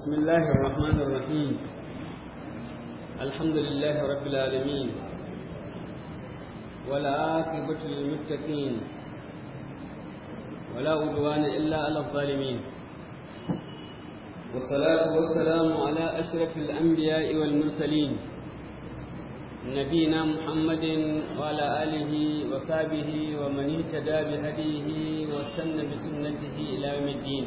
بسم الله الرحمن الرحيم الحمد لله رب العالمين والعاقبة للمتقين ولا عدوان إلا على الظالمين والصلاة والسلام على أشرف الأنبياء والمرسلين نبينا محمد وعلى آله وصحبه ومن اهتدى بهديه واستنى بسنته إلى يوم الدين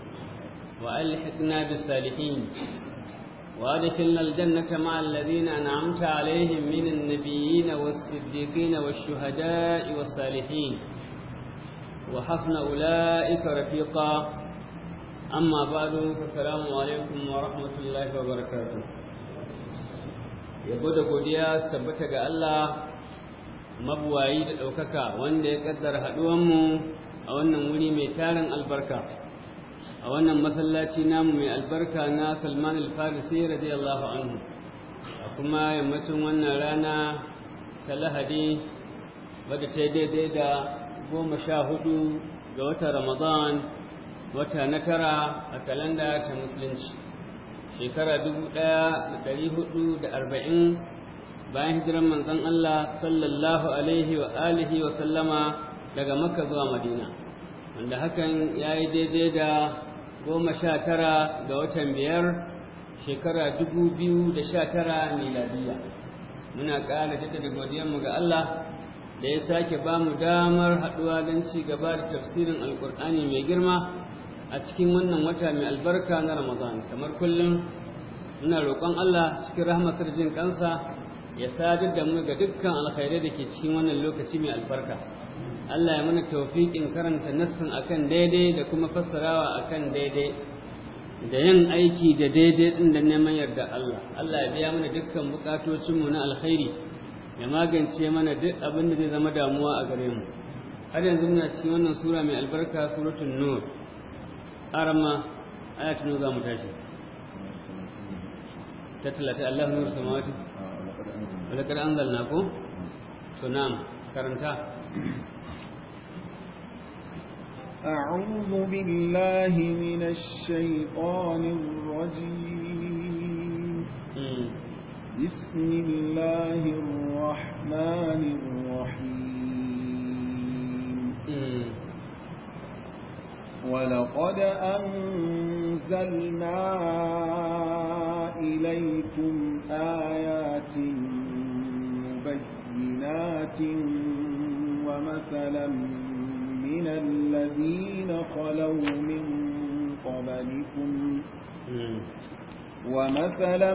وألحقنا بالصالحين وأدخلنا الجنة مع الذين أنعمت عليهم من النبيين والصديقين والشهداء والصالحين وحسن أولئك رفيقا أما بعد فالسلام عليكم ورحمة الله وبركاته يبدو godiya su tabbata ga Allah mabuwayi da ɗaukaka wanda ya ƙaddara haɗuwanmu a wannan wuri mai tarin albarka a wannan masallaci namu mai albarka na salman alfarisi radiyallahu anhu a kuma yammacin wannan rana ta lahadi wadda ta daidai da goma sha hudu ga wata ramadan wata na tara a kalanda ta musulunci shekara dubu ɗaya da dari hudu da arba'in bayan hijiran manzon allah sallallahu alaihi wa alihi wa sallama daga makka zuwa madina wanda hakan ya yi daidai da goma sha tara ga watan biyar shekara dubu biyu da sha tara miladiya muna ƙara daɗa da godiyanmu ga Allah da ya sake ba mu damar haɗuwa don ci gaba da tafsirin alƙur'ani mai girma a cikin wannan wata mai albarka na ramadan kamar kullum muna roƙon Allah cikin rahmatar jin kansa ya sadar da mu ga dukkan alkhairai da ke cikin wannan lokaci mai albarka Allah ya mana taufiƙin karanta nassin akan daidai da kuma fassarawa akan daidai da yin aiki da daidai ɗin da neman yarda Allah Allah ya biya mana dukkan buƙatocinmu na alkhairi ya magance mana duk abin da zai zama damuwa a gare mu har yanzu muna cikin wannan sura mai albarka suratul nur arama aya ta za mu tashi ta Allah nur samawati walaqad anzalna ko to karanta أعوذ بالله من الشيطان الرجيم بسم الله الرحمن الرحيم ولقد أنزلنا إليكم آيات مبينات ومثلا من الذين خلوا من قبلكم ومثلا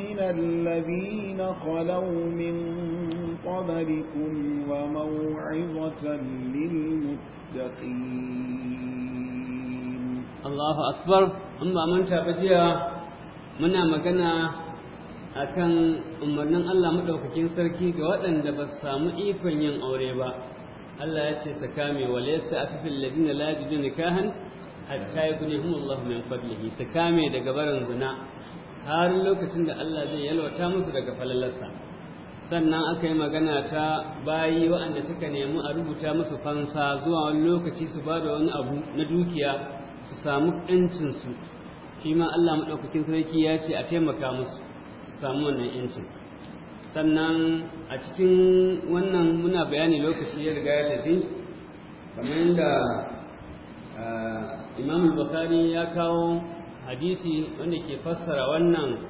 من الذين خلوا من قبلكم وموعظة للمتقين الله أكبر أما من تابجيا muna magana akan umarnin Allah madaukakin sarki ga waɗanda ba su samu ikon yin aure ba Allah ya ce sakame wal yasta'fifil ladina la yajiduna nikahan hatta yughnihum Allah min fadlihi sakame daga barin zina har lokacin da Allah zai yalwata musu daga falalarsa sannan aka yi magana ta bayi waɗanda suka nemi a rubuta musu fansa zuwa wani lokaci su ba da wani abu na dukiya su samu Su shi ma Allah maɗaukakin sarki ya ce a taimaka musu su samu wannan ƴancin sannan a cikin wannan muna bayani lokaci ya riga ya tafi kamar yadda imam bukhari ya kawo hadisi wanda ke fassara wannan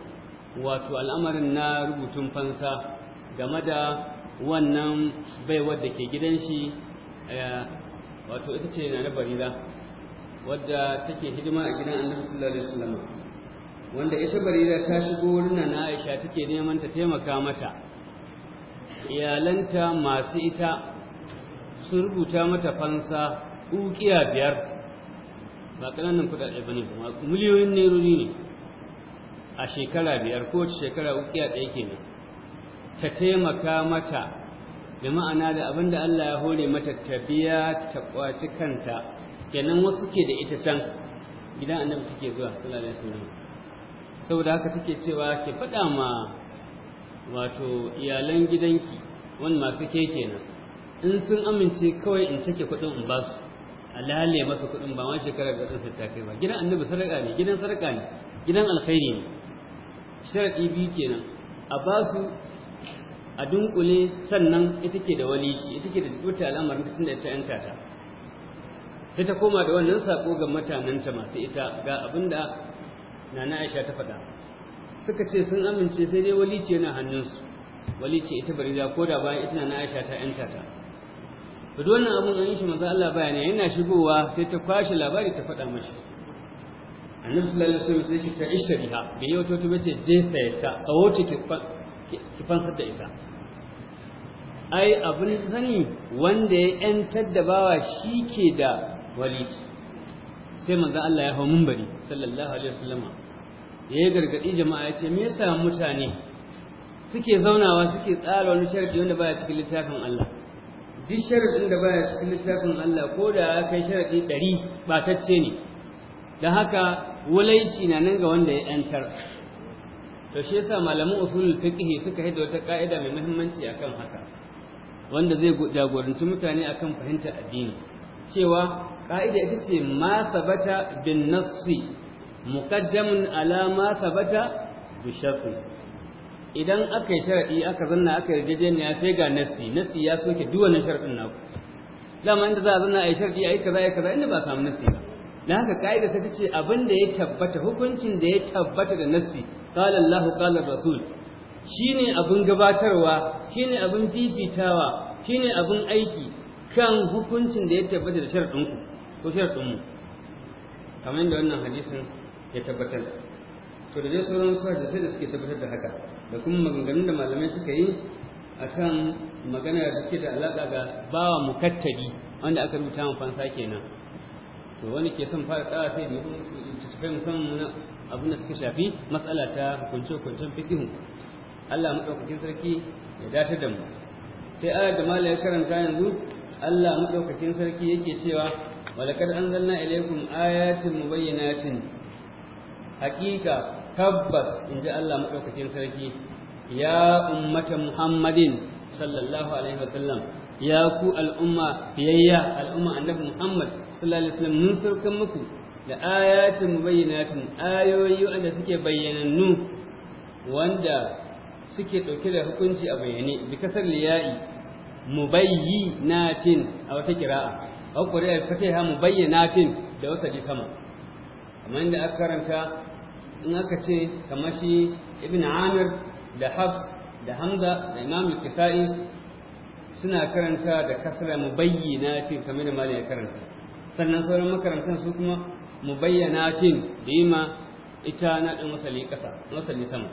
wato al'amarin na rubutun fansa game da wannan baiwar da ke gidan shi wato ita ce na barira wadda take hidima a gidan annabi sallallahu alaihi wasallam wanda ita barira ta shigo wurin na aisha take neman ta taimaka mata iyalanta masu ita sun rubuta mata fansa ukiya biyar ba ƙananan kuɗaɗe ba ne kuma miliyoyin nerori ne a shekara biyar kowace shekara ukiya ɗaya kenan ta taimaka mata da ma'ana da abin da Allah ya hore mata tafiya ta kwaci kanta kenan wasu ke da ita can gidan annabi take zuwa sallallahu alaihi wasallam saboda haka take cewa ke faɗa ma wato iyalan gidanki wani masu keke in sun amince kawai in cike kuɗin in ba su alhali masa kuɗin ba ma shekarar da tsarsa ta kai ba gidan annabi sarƙa ne gidan sarƙa ne gidan alkhairi ne sharaɗi biyu kenan a ba su a dunkule sannan ita ke da walici ita ke da dubuta al'amarin tun da ita yanka ta sai ta koma da wannan sako ga mutanenta masu ita ga abin da Na na aisha ta faɗa suka ce sun amince sai dai wali ce yana hannunsu wali ce ita bari da koda bayan ita na aisha ta yanta ta to duk wannan abun an shi manzo Allah bayani yana shigowa sai ta kwashi labari ta faɗa mashi annabi sallallahu alaihi wasallam sai ki ta ishta biha bai yi to bace je sayata tsawoce ki fansa da ita ai abin sani wanda ya yantar da bawa shi ke da wali sai manzo Allah ya hau bari sallallahu alaihi wasallam ya gargaɗi jama'a ya ce me yasa mutane suke zaunawa suke tsara wani sharaɗi wanda baya cikin littafin Allah duk sharaɗin da baya cikin littafin Allah ko da ya kai sharadi ɗari batacce ne don haka walaici na nan ga wanda ya yantar to shi yasa malaman usulul fiqh suka haɗa wata ka'ida mai muhimmanci akan haka wanda zai jagoranci mutane akan fahimtar addini cewa ka'ida ita ce ma sabata bin nassi muqaddamun ala ma thabata bi sharti idan aka yi sharadi aka zanna aka yarjejeniya sai ga nassi nassi ya soke duk wannan sharadin naku dama inda za a zanna a yi sharadi a yi kaza a kaza inda ba samu nassi ba dan haka kaida ta ce abin da ya tabbata hukuncin da ya tabbata da nassi qala Allahu qala rasul shine abin gabatarwa shine abin fifitawa shine abin aiki kan hukuncin da ya tabbata da sharadin ku ko sharadin mu kamar da wannan hadisin ya tabbatar to da dai sauran su da sai da suke tabbatar da haka da kuma maganganun da malamai suka yi akan magana da suke da alaƙa ga bawa mukattabi wanda aka rubuta mu fansa kenan to wani ke son fara tsara sai da tafai musamman abin da suka shafi matsala ta hukunce hukuncen fiqhu Allah madaukakin sarki ya dace da mu sai ayar da malai karanta yanzu Allah madaukakin sarki yake cewa walakad anzalna ilaykum ayatin mubayyinatin hakika tabbas in ji Allah maɗaukakin sarki ya ummata muhammadin sallallahu alaihi wasallam ya ku al'umma biyayya al'umma annabi muhammad sallallahu alaihi wasallam mun saukan muku da ayatin mubayyinatin ayoyi wanda suke bayyanannu wanda suke ɗauke da hukunci a bayyane bi kasar liya'i mubayyinatin a wata kira'a a mu fatiha mubayyinatin da wasa sama kamar inda aka karanta in aka ce kamar shi ibn amir da hafs da hamza da imam kisa'i suna karanta da kasra fi kamar da malam ya karanta sannan sauran makarantar su kuma mu da yi ma ita na ɗan masali ƙasa masali sama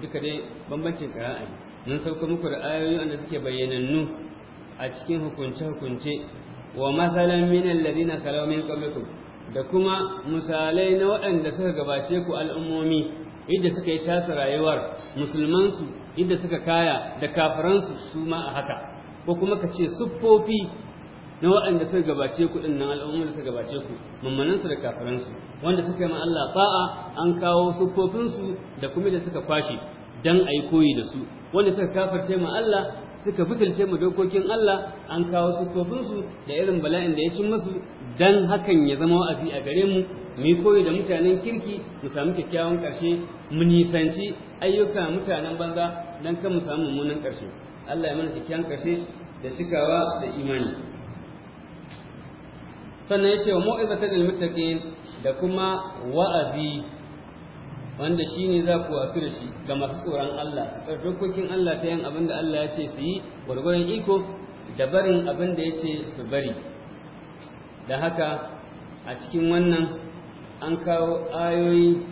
duka dai bambancin ƙira'ayi mun sauka muku da ayoyi wanda suke bayyanannu a cikin hukunce-hukunce wa mazalan min alladhina khalaw min qablikum da kuma misalai na waɗanda suka gabace ku al'ummomi idda suka yi tasa rayuwar musulmansu idda suka kaya da kafiransu su ma a haka ko kuma ka ce siffofi na waɗanda suka gabace ku ɗin nan al'ummar da suka gabace ku mamanansu da kafiransu wanda suka yi ma Allah ta'a an kawo siffofinsu da kuma da suka kwashe dan a yi koyi da su wanda suka kafarce ma Allah suka fitilce mu dokokin Allah an kawo su su da irin bala'in da ya cin musu dan hakan ya zama wa'azi a gare mu mu koyi da mutanen kirki mu samu kyakkyawan ƙarshe mu nisanci ayyuka mutanen banza dan kan mu samu mummunan ƙarshe Allah ya mana kyakkyawan ƙarshe da cikawa da imani sannan ya ce wa mu'izatan lil muttaqin da kuma wa'azi wanda shi ne za ku wafi da shi ga masu tsoron Allah su dokokin Allah ta yin abin da Allah ya ce su yi gwargwaron iko da barin abin da ya ce su bari da haka a cikin wannan an kawo ayoyi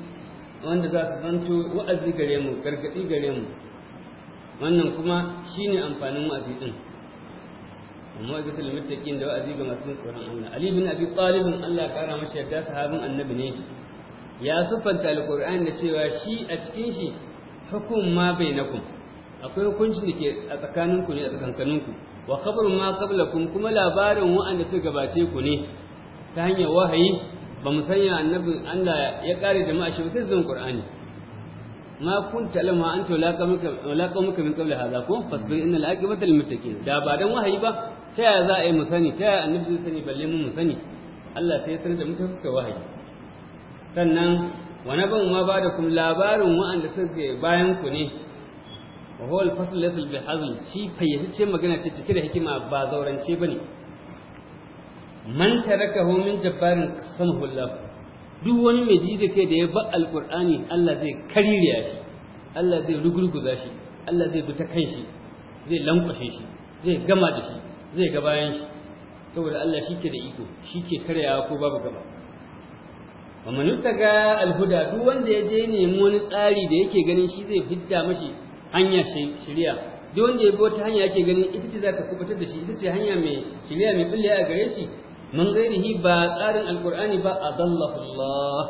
wanda za su zanto wa'azi gare mu gargaɗi gare mu wannan kuma shi ne amfanin wa'azi ɗin amma ga tilmittakin da wa'azi ga masu tsoron Allah Ali bin Abi Talib Allah ya kara mashi yadda sahabin annabi ne ya siffanta alkur'ani da cewa shi a cikin shi hukum ma ku akwai hukuncin da ke a tsakaninku ne a tsakankaninku wa khabarun ma kun kuma labarin wa'anda suka gabace ku ne ta hanyar wahayi ba mu sanya annabi Allah ya kare jama'a shi sai zan Qur'ani ma kun talama an to laqa muka min qabla hadha ko fasbir innal aqibata lil muttaqin da ba dan wahayi ba ta ya za a yi mu sani ta yaya annabi zai sani balle mu mu sani Allah sai ya sanar da mu suka wahayi sannan wani ban ma ba da kuma labarin wa'anda suke bayan ku ne a hol al-fasl bi hazl shi fayyace magana ce cike da hikima ba zaurance ne. man ka homin jabbarin samahu Allah duk wani mai ji da kai da ya ba alkur'ani Allah zai kaririya shi Allah zai rugurguza shi Allah zai buta kan shi zai lankwashe shi zai gama da shi zai ga bayan shi saboda Allah shi ke da iko shi ke karyawa ko babu gaba wa manuttaka alhuda duk wanda ya je nemi wani tsari da yake ganin shi zai fidda mashi hanya shirya duk wanda ya bi wata hanya yake ganin ita ce za ta kubutar da shi ita ce hanya mai shirya mai bulle a gare shi man gairihi ba tsarin alqur'ani ba adallahu Allah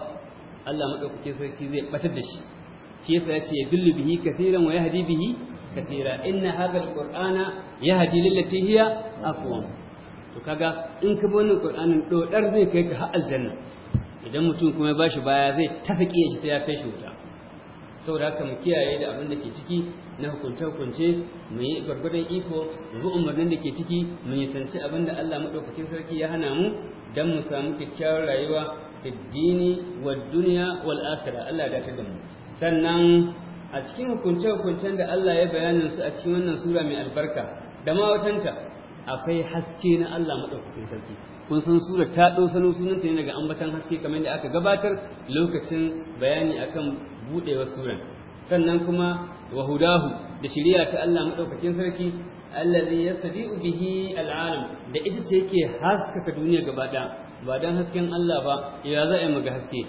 Allah madaukakin sarki zai batar da shi shi yasa ya ce yadullu bihi kaseeran wa yahdi bihi kaseera inna hadha alqur'ana yahdi lillati hiya aqwam to kaga in ka bi wannan qur'anin dodar zai kai ka har aljanna idan mutum kuma ya bashi baya zai tafake shi sai ya kai shi wuta saboda haka mu kiyaye da abin da ke ciki na hukunce hukunce mu yi gwargwadon iko mu umarnin da ke ciki mu sanci abin da Allah maɗaukakin sarki ya hana mu don mu samu kyakkyawar rayuwa da dini wa duniya wal Allah ya da mu sannan a cikin hukunce hukuncen da Allah ya bayanin su a cikin wannan sura mai albarka da ma watanta akwai haske na Allah maɗaukakin sarki kun san sura ta ɗosano sunanta ne daga ambatan haske kamar da aka gabatar lokacin bayani akan buɗewa sura. sannan kuma wahudahu da shiriya ta Allah maɗaukakin sarki allazi yastadi'u bihi al'alam da ita ce yake haskaka duniya gaba ɗaya ba dan hasken Allah ba ya za a yi ga haske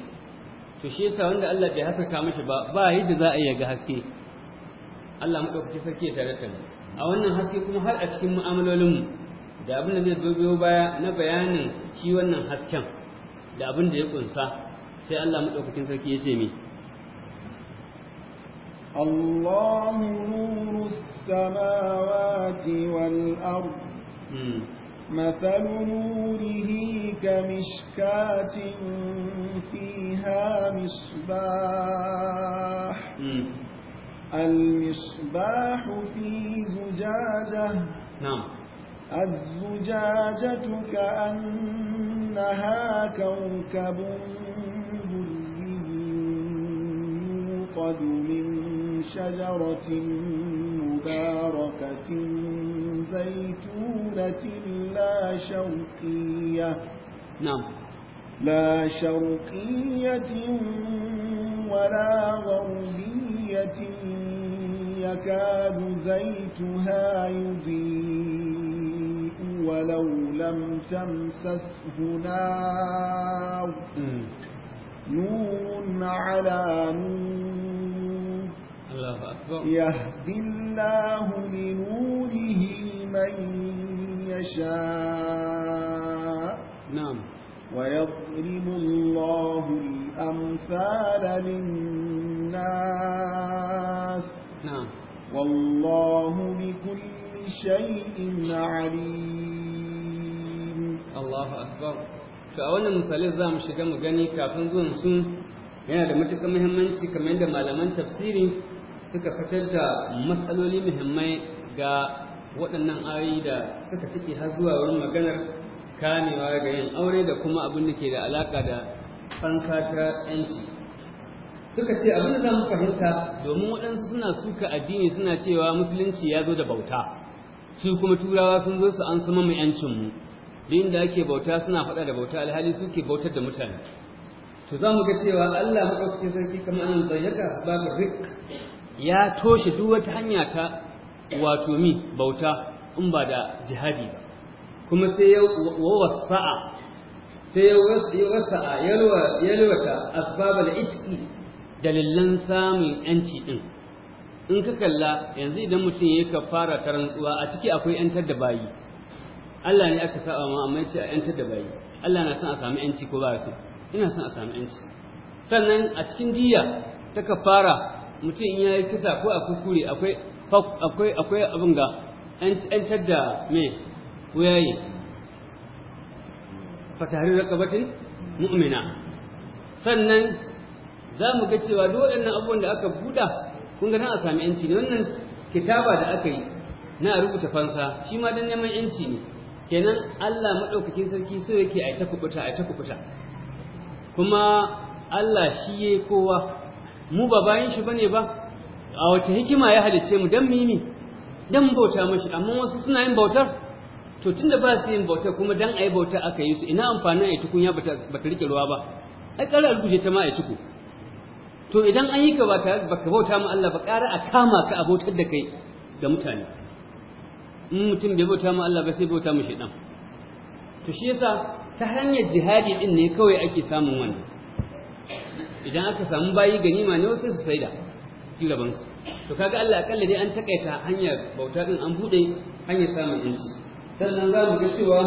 to shi yasa wanda Allah bai haskaka mashi ba ba yadda za a yi ga haske Allah maɗaukakin sarki ya tare a wannan haske kuma har a cikin mu'amalolinmu da abin da zai zo biyo baya na bayanin shi wannan hasken da abin da ya kunsa sai Allah madaukakin sarki ya ce mi الله نور السماوات والأرض مثل نوره كمشكاة فيها مصباح المصباح في زجاجة نعم الزجاجة كأنها كوكب بلي يوقد من شجرة مباركة زيتونة لا شوقية نعم لا شرقية ولا غربية يكاد زيتها يضيء ولو لم تمسسه نار نور على نور الله أكبر يهدي الله لنوره من يشاء نعم ويضرب الله الأمثال للناس نعم والله بكل شيء عليم Allahu akbar to a wannan misalin za mu shiga mu gani kafin zuwan su yana da matuƙar muhimmanci kamar yadda malaman tafsiri suka fitar da matsaloli muhimmai ga waɗannan ayoyi da suka ciki har zuwa wurin maganar kamewa ga yin aure da kuma abin da ke da alaƙa da fansa ta ‘yanci suka ce abin da za mu fahimta domin waɗansu suna suka addini suna cewa musulunci ya zo da bauta su kuma turawa sun zo su an sama mu ‘yancinmu din da ake bauta suna faɗa da bauta alhali suke bautar da mutane to za mu ga cewa Allah maɗaukakin sarki kamar an zayyaka asbabin rik ya toshe duk wata hanya ta wato mi bauta in ba da jihadi ba kuma sai ya wasa'a sai ya wasa'a yalwata asbabal itki dalilan samun yanci din in ka kalla yanzu idan mutum ya fara ta rantsuwa a ciki akwai yantar da bayi Allah ne aka saba ma amma yace a yantar da bayi Allah na son a samu yanci ko ba su. ina son a samu yanci sannan a cikin jiya ta kafara mutum in yayi kisa ko a kuskure akwai akwai akwai abin ga yantar da me ko yayi fatahrir raqabatin mu'mina sannan za mu ga cewa duk waɗannan abubuwan da aka buɗa kun ga nan a sami yanci ne wannan kitaba da aka yi na rubuta fansa shi ma dan neman yanci ne kenan Allah maɗaukakin sarki so yake a ta kubuta a ta kubuta kuma Allah shi ya kowa mu ba bayan shi bane ba a wace hikima ya halice mu dan mimi dan bauta mashi amma wasu suna yin bautar to tunda ba su yin bautar kuma dan ayi bauta aka yi su ina amfanin ayi tukunya bata rike ruwa ba ai ƙara alguje ta ma ayi tuku to idan an yi ka ba ka bauta ma Allah ba ƙara a kama ka a bautar da kai da mutane in mutum bai bauta ma Allah ba sai bauta mu shaidan to shi yasa ta hanyar jihadi din ne kawai ake samun wannan idan aka samu bayi ganima ne wasu su saida su to kaga Allah akalla dai an takaita hanyar bauta din an bude hanyar samun insu sannan za mu ga cewa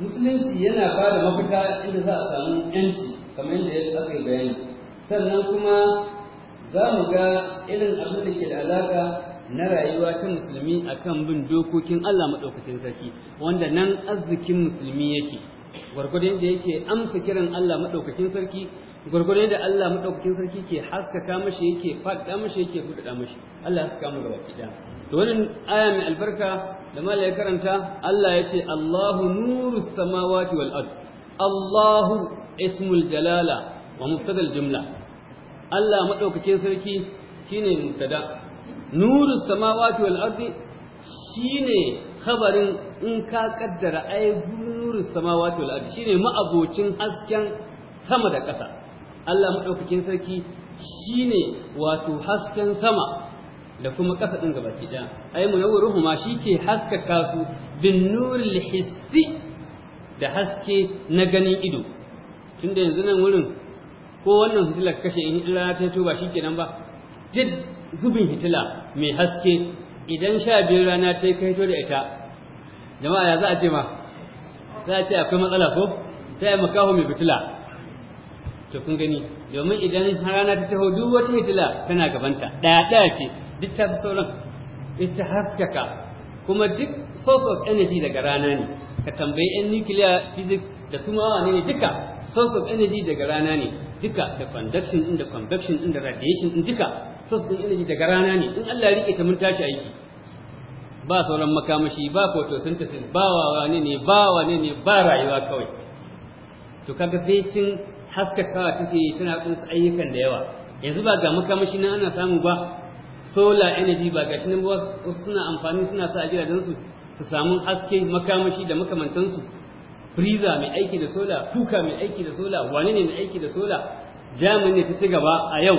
musulunci yana ba da mafita inda za a samu yanci kamar yadda aka yi bayani sannan kuma za mu ga irin abin da ke da alaƙa na rayuwa ta musulmi a kan bin dokokin Allah maɗaukakin sarki wanda nan arzikin musulmi yake gwargwadon da yake amsa kiran Allah maɗaukakin sarki gwargwadon da Allah maɗaukakin sarki ke haskaka mashi yake faɗa mashi yake buɗaɗa mashi Allah ya haskaka mu gaba ɗaya to wannan aya mai albarka da ya karanta Allah ya ce Allahu nuru samawati wal ard Allahu ismul jalala wa mubtada al jumla Allah maɗaukakin sarki shine mubtada nuru samawati wal ardi shine khabarin in ka kaddara ai nuru samawati wal ardi shine ma'abocin hasken sama da ƙasa Allah maɗaukakin sarki shine wato hasken sama da kuma ƙasa din gabaki ɗaya ai ruhu ma shike haskaka su bin nuril hissi da haske na ganin ido tunda yanzu nan wurin ko wannan fitilar kashe in rana ta to ba nan ba duk zubin hitila mai haske idan sha biyar rana ta yi kai to da ita jama'a ya za a ce ma za a ce akwai matsala ko sai yi makaho mai fitila to kun gani domin idan rana ta taho duk wata hitila tana gabanta ɗaya ɗaya ce duk ta fi sauran ita haskaka kuma duk source of energy daga rana ne ka tambayi 'yan nuclear physics da su mawa ne duka source of energy daga rana ne duka da conduction din da convection din da radiation din duka source din energy daga rana ne in Allah ya rike ta mun tashi aiki ba sauran makamashi ba photosynthesis ba wane ne ba wane ne ba rayuwa kawai to kaga sai cin haskakawa take tana su ayyukan da yawa yanzu ba ga makamashi na ana samu ba solar energy ba gashi nan wasu suna amfani suna sa a gidajensu su samu haske makamashi da makamantansu freezer mai aiki da sola kuka mai aiki da sola wane ne mai aiki da sola germany ta ci gaba a yau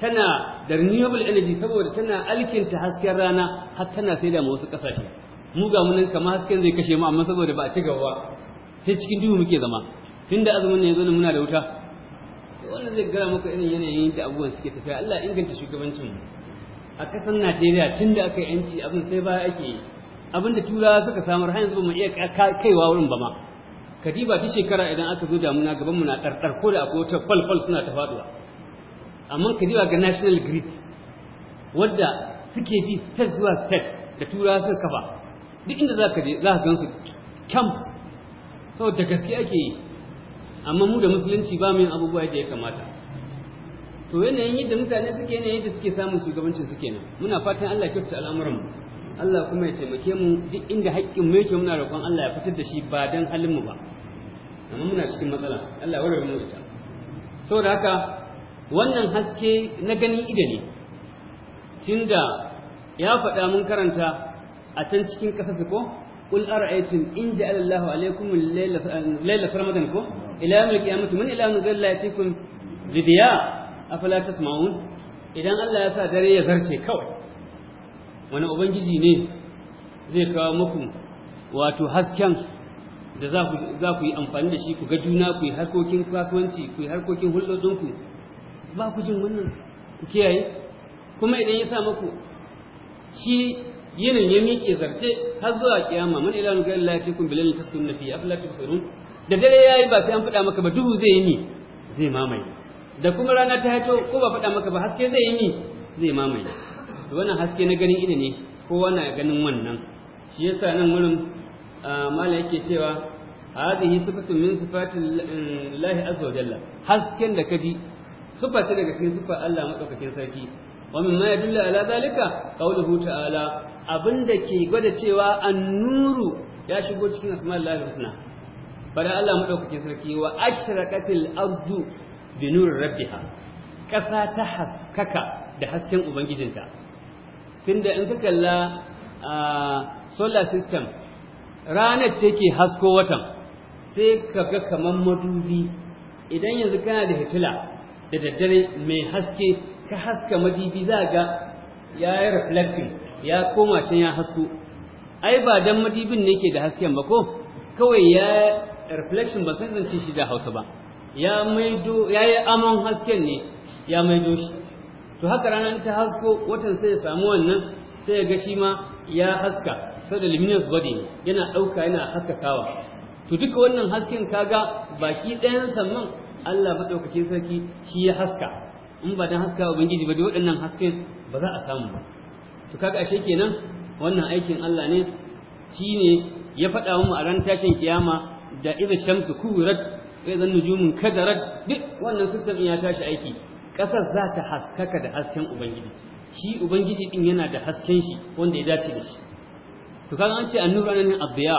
tana da renewable energy saboda tana alkinta hasken rana har tana sai da wasu kasashe mu ga munin kamar hasken zai kashe mu amma saboda ba a ci gaba sai cikin duhu muke zama tun da azumin ne ya zo ne muna da wuta wannan zai gara muku irin yanayin da abubuwan suke tafiya Allah inganta shugabancin mu a kasar Najeriya tun da aka yi yanci abin sai baya ake yi abin da turawa suka samar har yanzu ba mu iya kaiwa wurin ba ma kadiba ta shekara idan aka zo damuna gaban mu na ɗarɗar ko da akwai wata falfal suna ta faɗuwa amma kadiba ga national grid wadda suke bi state zuwa state da tura suka kafa duk inda za ka je za gan su kyam saboda gaske ake yi amma mu da musulunci ba mu yin abubuwa da ya kamata to yanayin yadda mutane suke yanayin yadda suke samun shugabancin suke nan muna fatan Allah ya al'amuran mu. Allah kuma ya taimake mu duk inda haƙƙin mu yake muna roƙon Allah ya fitar da shi ba dan halin mu ba amma muna cikin matsala Allah ya mu ita saboda haka wannan haske na ganin ido ne tunda ya faɗa mun karanta a can cikin ƙasa ko kul ara'aytum in ja'ala Allah alaykum al-layla ramadan ko ila yawm al-qiyamah min ila yawm ghayr yatikum bidiya afala tasma'un idan Allah ya sa dare ya zarce kawai wani ubangiji ne zai kawo muku wato hasken da za ku yi amfani da shi ku ga juna ku yi harkokin kasuwanci ku yi harkokin hulɗoɗinku ba ku jin wannan ku kiyaye kuma idan ya sa muku shi yinin ya miƙe zarce har zuwa kiyama man ilanu ga Allah fi kun bilal taskin nafi afla tusirun da dare yayi ba sai an faɗa maka ba duhu zai yi ni zai mamaye da kuma rana ta hato ko ba faɗa maka ba haske zai yi ni zai mamaye to wannan haske na ganin ido ne kowa na ganin wannan shi yasa nan wurin mala yake cewa hadhihi sifatun min sifatillahi azza wa jalla hasken da kaji sifa ce daga cikin sifa Allah madaukakin sarki wa ma yadulla ala zalika qawluhu ta'ala abinda ke gwada cewa an-nuru ya shigo cikin asma'ul husna fara Allah madaukakin sarki wa ashraqatil ardu bi nur rabbiha kasa ta haskaka da hasken ubangijinta tunda in ka kalla a solar system ranar ce ke hasko watan sai ka ga kaman madubi idan yanzu kana da hitila da daddare mai haske ka haska madubi za ga ya yi reflecting ya koma can ya hasko ai ba dan madubin ne ke da hasken ba ko kawai ya reflection ba san zance shi da Hausa ba ya maido yi amon hasken ne ya maido shi to haka rana ta hasko watan sai ya samu wannan sai ya ga shi ma ya haska sai da luminous body yana ɗauka yana haskakawa to duka wannan hasken kaga baki ɗayan sannan Allah maɗaukakin sarki shi ya haska in ba dan haska ubangiji ba da waɗannan hasken ba za a samu ba to kaga ashe kenan wannan aikin Allah ne shi ne ya faɗa mu a ran tashin kiyama da idh shamsu kuwirat wa idh nujumun kadarat duk wannan sistem ya tashi aiki ƙasar za ta haskaka da hasken ubangiji shi ubangiji ɗin yana da hasken shi wanda ya dace da shi to kaga an ce nura anan abdiya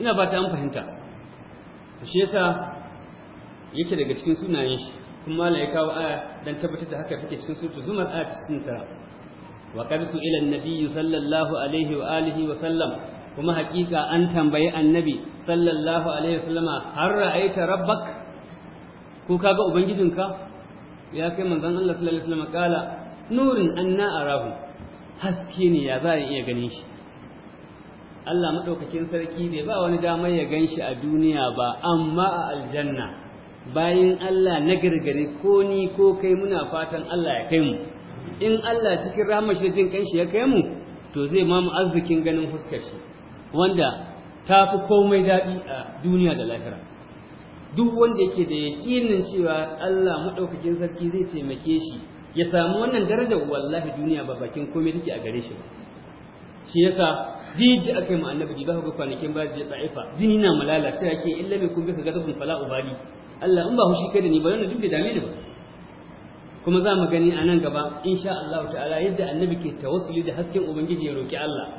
ina ba ta an fahimta to shi yasa yake daga cikin sunayen shi kuma ya kawo aya dan tabbatar da haka take cikin suratul zumar aya tara. wa qad su'ila nabi nabiy sallallahu alaihi wa alihi wa sallam kuma hakika an tambayi annabi sallallahu alaihi wa sallama har ra'aita rabbak ko kaga ubangijinka ya kai manzon Allah sallallahu alaihi wasallam kala nurin anna arahu haske ne ya za iya ganin shi Allah madaukakin sarki bai ba wani damar ya ganshi a duniya ba amma a aljanna bayan Allah na gargare ko ni ko kai muna fatan Allah ya kai mu in Allah cikin rahmar shi jin kanshi ya kai mu to zai ma mu arzikin ganin fuskar shi wanda tafi komai daɗi a duniya da lahira duk wanda yake da yaƙinin cewa Allah maɗaukakin sarki zai taimake shi ya samu wannan daraja, wallahi duniya ba bakin komai take a gare shi shi yasa jiji akai mu annabi ji ba kwanakin ba je ta'ifa jini na malala sai yake illa bi kun bi ka gadabun fala ubali Allah in ba hushi kai da ni ba wannan duk da dame ni ba kuma za mu gani a nan gaba insha Allah ta'ala yadda annabi ke tawassuli da hasken ubangiji ya roki Allah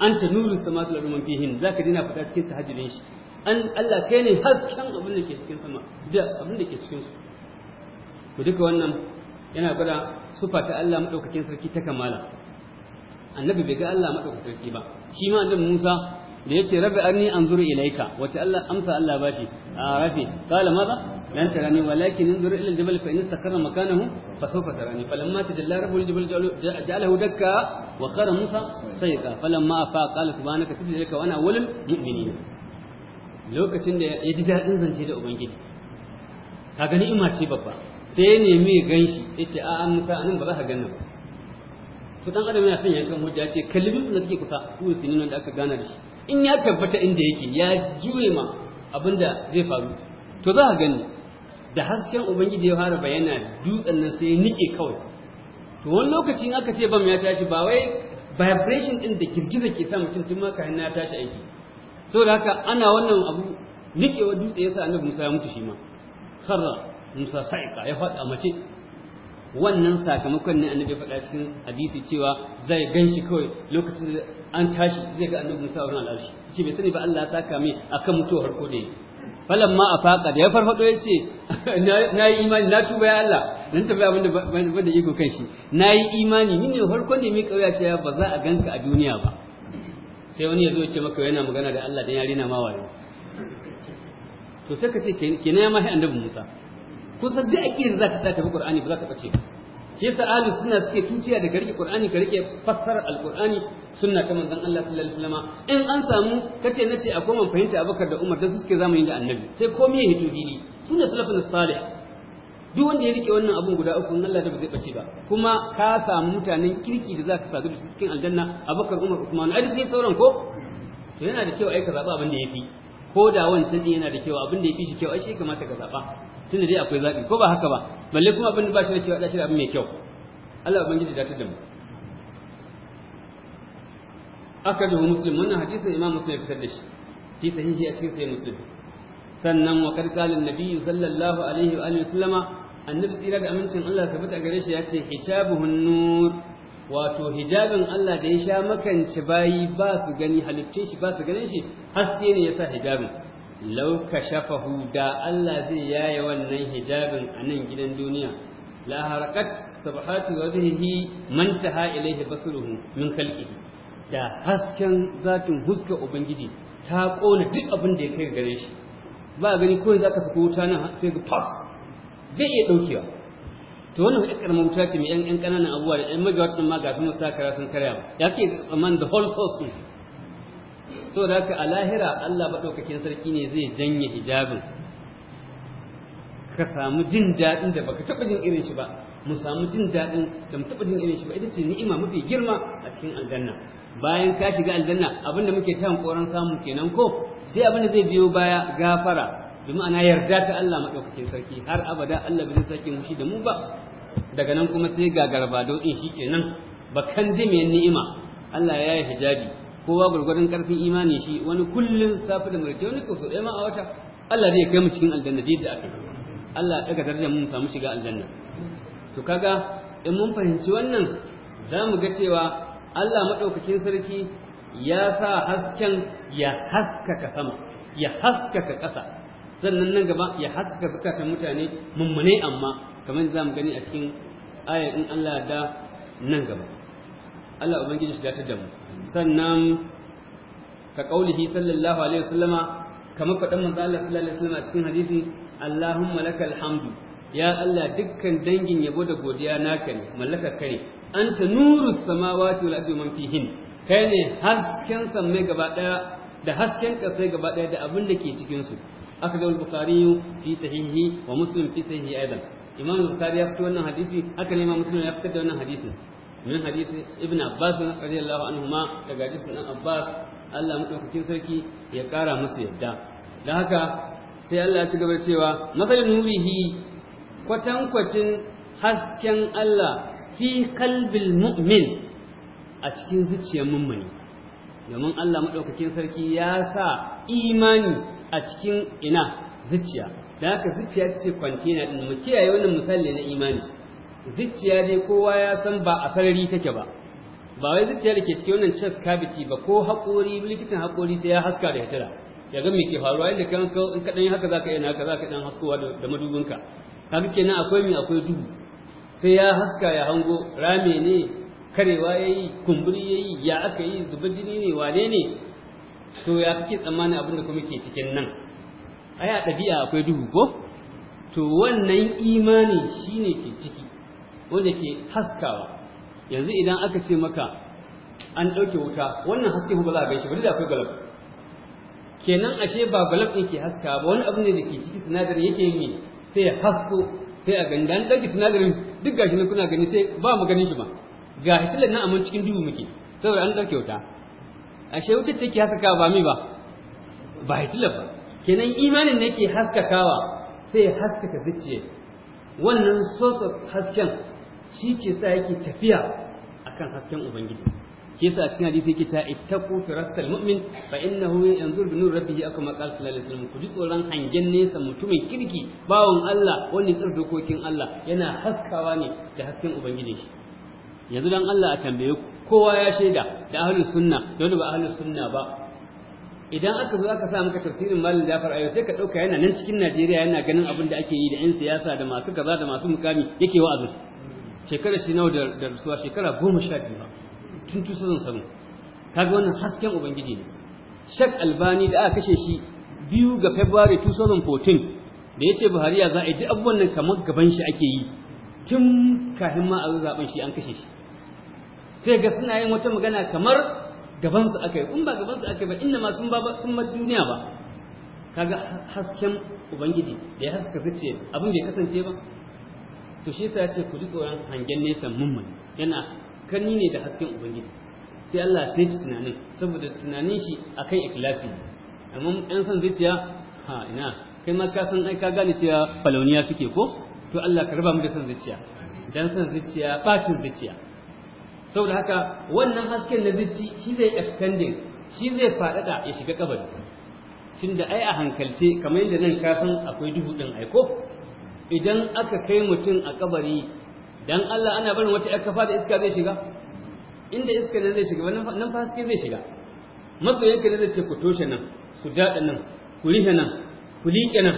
An anta nuru samatu wa fihin zaka dina fita cikin ta tahajjudin shi an Allah kai ne hasken abin da ke cikin sama da abin da ke cikin su to duka wannan yana gwada sufa ta Allah maɗaukakin sarki ta kamala annabi bai ga Allah madaukakin sarki ba shi ma annabi Musa da yace rabbi arni anzuru ilaika wace Allah amsa Allah bashi a rabbi qala madha لن تراني ولكن انظر الى الجبل فان استقر مكانه فسوف تراني فلما تجلى رب الجبل جعله دكا وقر موسى سيقا فلما افاق قال سبحانك تبت اليك وانا اول المؤمنين lokacin da ya ji daɗin zance da ubangiji ka gani ima ce babba sai ya nemi ya gan shi ya ce a'a musa anan ba za ka gan ba to dan adam yana son ya kan hujja ce kalibin da take kusa ko sinin da aka gana da shi in ya tabbata inda yake ya jure ma abin da zai faru to za ka gani da hasken ubangiji ya fara bayyana dutsen nan sai ya nike kawai to wani lokaci aka ce bam ya tashi ba wai vibration din da girgiza ke sa mutum tun ma kahin ya tashi aiki saboda haka ana wannan abu nikewa dutse yasa annabi Musa ya mutu shi ma sarra Musa sa'iqa ya faɗa mace wannan sakamakon ne annabi faɗa cikin hadisi cewa zai ganshi kawai lokacin da an tashi zai ga annabi Musa wurin al'arshi ce bai sani ba Allah ya saka mai akan mutuwar ko da falan ma a faƙa da ya farfaɗo ya ce na yi imani na tuba ya Allah dan tafi abin da ban da iko kan shi na yi imani ni ne farkon ne mai kauya ce ba za a ganka a duniya ba sai wani ya zo ce maka yana magana da Allah dan ya na mawaye. to sai ka ce ke ya mahi annabi Musa kusan duk akidar za ta tafi Qur'ani ba za ka bace ba Ke yasa ahlus sunna suke tuciya da garke Qur'ani ka rike fassarar alqur'ani sunna ta manzon Allah sallallahu alaihi wasallam in an samu kace nace akwai man fahimta Abubakar da Umar da su suke zamanin da annabi sai komai ya hito dili sunna salafus salih duk wanda ya rike wannan abun guda uku Allah da ba zai bace ba kuma ka samu mutanen kirki da ka sadu da su cikin aljanna Abubakar Umar Usman ai sai sauran ko to yana da kyau ai ka zaba abin da yafi ko da wancan din yana da kyau abin da yafi shi kyau ai shi kamata ka zaba tunda dai akwai zabi ko ba haka ba balle kuma abin da ba shi da kyau Allah shi da abin mai kyau Allah ubangiji da ta da mu akadu muslim wannan hadisin imam muslim ya fitar da shi fi sahihi a cikin sahih muslim sannan wa karkalin nabi sallallahu alaihi wa alihi sallama annabi tsira da amincin Allah ta fita gare shi ya ce hijabuhun nur wato hijabin Allah da ya sha makance bayi ba su gani halittun shi ba su ganin shi haske ne yasa hijabin law kashafahu da Allah zai yaye wannan hijabin a nan gidan duniya la harakat sabahatu wajhihi man taha ilayhi basruhu min khalqihi da hasken zatin huska ubangiji ta kona duk abin da ya kai gare shi ba a gani ko za ka saka wuta nan sai ga fas bai iya daukewa to wannan ita karamar wuta ce mai yan ƙananan abubuwa da yan majiyar ɗin ma ga su musa kara sun karya ba ya ke tsamman the whole source ɗin so da haka a lahira Allah maɗaukakin sarki ne zai janye hijabin ka samu jin daɗin da baka taɓa jin irin shi ba mu samu jin daɗin da mu taɓa jin irin shi ba ita ce ni'ima mafi girma a cikin aljanna bayan ka shiga aljanna abin da muke ta koran samu kenan ko sai abin da zai biyo baya gafara bi ana yarda ta Allah madaukakin sarki har abada Allah bai sake mushi da mu ba daga nan kuma sai ga garbado din ba bakan mai ni'ima Allah ya yi hijabi kowa gurgurdan karfin imani shi wani kullun safi da murce wani kuso ɗaya ma a wata Allah zai kai mu cikin aljanna da yadda aka Allah daga darajar mu samu shiga aljanna to kaga in mun fahimci wannan za mu ga cewa Allah madaukakin sarki ya sa hasken ya haskaka sama ya haskaka ƙasa sannan nan gaba ya haskaka zukatan mutane mummune amma kamar za mu gani a cikin ayar in Allah da nan gaba Allah ubangiji shi datar da mu sannan ka kaulihi sallallahu alaihi wasallama kamar faɗan manzo Allah sallallahu alaihi wasallama a cikin hadisi Allahumma lakal hamdu ya Allah dukkan dangin yabo da godiya naka ne mallakar kare anta nurus samawati wal ardi man fihin kai ne hasken mai gaba daya da hasken kasai gaba daya da abin da ke cikin su aka ga bukhari fi sahihi wa muslim fi sahihi aidan imam bukhari ya fito wannan hadisi aka ne imam muslim ya fitar da wannan hadisin min hadisi ibn abbas radiyallahu ma daga hadisin dan abbas Allah madaukakin sarki ya kara musu yadda dan haka sai Allah ya ci gaba cewa mathalun nurihi kwatankwacin hasken Allah fi kalbil mu'min a cikin zuciyar mummuni domin Allah maɗaukakin sarki ya sa imani a cikin ina zuciya da haka zuciya ce kwantena ɗin mu kiyaye wannan misali na imani zuciya dai kowa ya san ba a sarari take ba ba wai zuciya da ke cikin wannan chest cavity ba ko haƙori likitan haƙori sai ya haska da hitira ya ga me ke faruwa inda kan in ka dan haka zaka yi haka zaka dan haskowa da madubinka kaga kenan akwai mi akwai duhu sai ya haska ya hango rame ne karewa ya yi kumburi ya yi ya aka yi zuba jini ne wane ne to ya kake tsammanin abin da kuma ke cikin nan ai a ɗabi'a akwai duhu ko to wannan imani ne ke ciki wanda ke haskawa yanzu idan aka ce maka an ɗauke wuta wannan haske ba za a gaishe ba da akwai galab kenan ashe ba galab ɗin ke haska ba wani abu ne da ke ciki sinadarin yake yi sai ya hasko sai a gani da an ɗauke sinadarin duk gashi ne kuna gani sai ba mu ganin shi ba ga hitilar na amma cikin duhu muke saboda an ɗauke wuta ashe wuta ce ke haskaka ba mi ba ba hitilar ba kenan imanin ne ke haskakawa sai ya haskaka zuciya wannan source hasken shi ke sa yake tafiya akan hasken ubangiji sa a cikin hadisi yake ta ittaqu firastal mu'min fa innahu yanzur bi nur rabbih akum qala sallallahu alaihi wasallam ku ji tsoron hangen nesa mutumin kirki bawon Allah wani tsirdokokin dokokin Allah yana haskawa ne da hasken ubangiji shi yanzu dan Allah a tambaye kowa ya shaida da ahlus sunna da wani ba ahlus sunna ba idan aka zo aka sa maka tafsirin malam Jafar Ayo sai ka dauka yana nan cikin Najeriya yana ganin abin da ake yi da yan siyasa da masu kaza da masu mukami yake wa'azi shekara shi nawa da rasuwa shekara goma sha biyu tun 2007 kaga wannan hasken ubangiji ne Shak Albani da aka kashe shi biyu ga February 2014 da yace Buhari ya za a yi duk abubuwan nan kamar gaban shi ake yi tun kafin ma a zo zaben shi an kashe shi sai ga suna yin wata magana kamar gaban su yi in ba gaban su yi ba inda masu sun ba sun ma duniya ba kaga hasken ubangiji da ya haska zuciya abin bai kasance ba to shi yasa ya ce ku ji tsoron hangen nesa mummun yana kanni ne da hasken ubangiji sai Allah sai ci tunanin saboda tunanin shi akan ikhlasi amma ɗan san zuciya ha ina kai ma ka san ai ka gane cewa falauniya suke ko to Allah ka raba mu da san zuciya dan san zuciya bacin zuciya saboda haka wannan hasken na zuci shi zai expanding shi zai faɗaɗa ya shiga kabari tunda ai a hankalce kamar yadda nan ka san akwai duhu ɗin aiko idan aka kai mutum a kabari dan Allah ana barin wata yar kafa da iska zai shiga inda iska ne zai shiga nan fa haske zai shiga masoyanka ne zai ce ku toshe nan ku daɗa nan ku rihe nan ku liƙe nan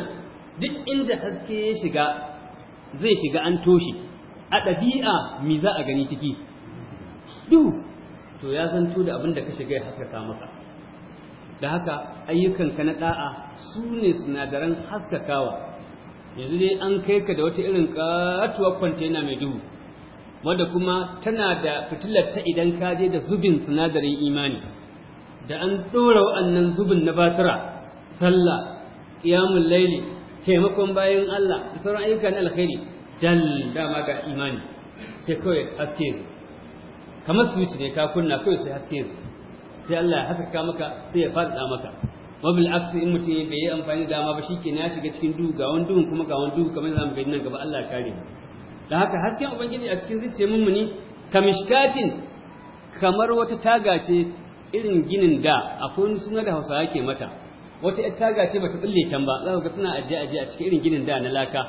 duk inda haske ya shiga zai shiga an toshe a ɗabi'a me za a gani ciki duhu to ya zanto da abin da ka shiga ya haskaka maka da haka ayyukanka na da'a su ne sinadaran haskakawa yanzu dai an kai ka da wata irin katuwar kwantena mai duhu wadda kuma tana da fitilar ta idan ka je da zubin sinadarin imani da an ɗora wa'annan zubin na batura, sallah ƙiyamun laili taimakon bayan Allah da sauran ayyukan alkhairi dan dama ga imani sai kawai haske su kamar switch ne ka kunna kai sai haske su sai Allah ya haskaka maka sai ya faɗa maka bil aksi in mutum bai yi amfani da dama ba shikenan ya shiga cikin duhu ga wani duhun kuma ga wani duhu kamar zamu gani nan gaba Allah ya kare da haka hasken ubangiji a cikin mun muni kamishkatin kamar wata taga ce irin ginin da akwai wani suna da Hausawa ke mata wata ita taga ce bata bulle can ba za ga suna ajiye ajiye a cikin irin ginin da na laka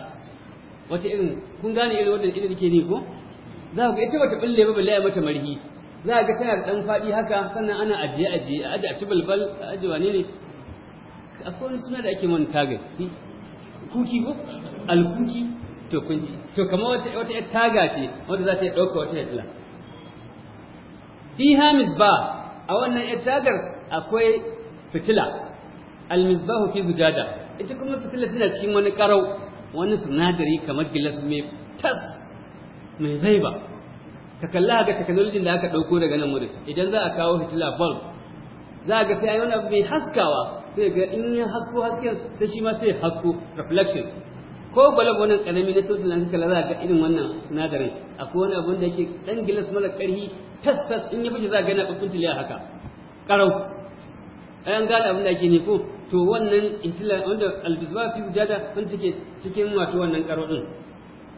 wata irin kun gane irin wanda irin ke ni ko za ga ita wata bulle ba ya mata marhi za ga tana da dan fadi haka sannan ana ajiye ajiye a ajiye a ci balbal a aje wane ne akwai wani suna da ake wani taga kuki ko alkuki to kun ji to kamar wata wata yar taga ce wanda za ta dauka wata yar fiha misbah a wannan yar tagar akwai fitila almisbahu fi zujada ita kuma fitila tana cikin wani karau wani sinadari kamar gilas mai tas mai zai ba ka kalla ga teknolojin da aka dauko daga nan wurin idan za a kawo hitila bulb za a ga sai wani abu mai haskawa sai ga in ya hasko hasken sai shi ma sai hasko reflection ko balab wannan karami na tosu lantarki kala za ga irin wannan sinadarin akwai wani abun da yake dan gilas mara karhi tassas in ya fice za ga yana kukunci haka karau an gane abin da yake ne ko to wannan intila wanda albizwa fi jada wanda take cikin wato wannan karo din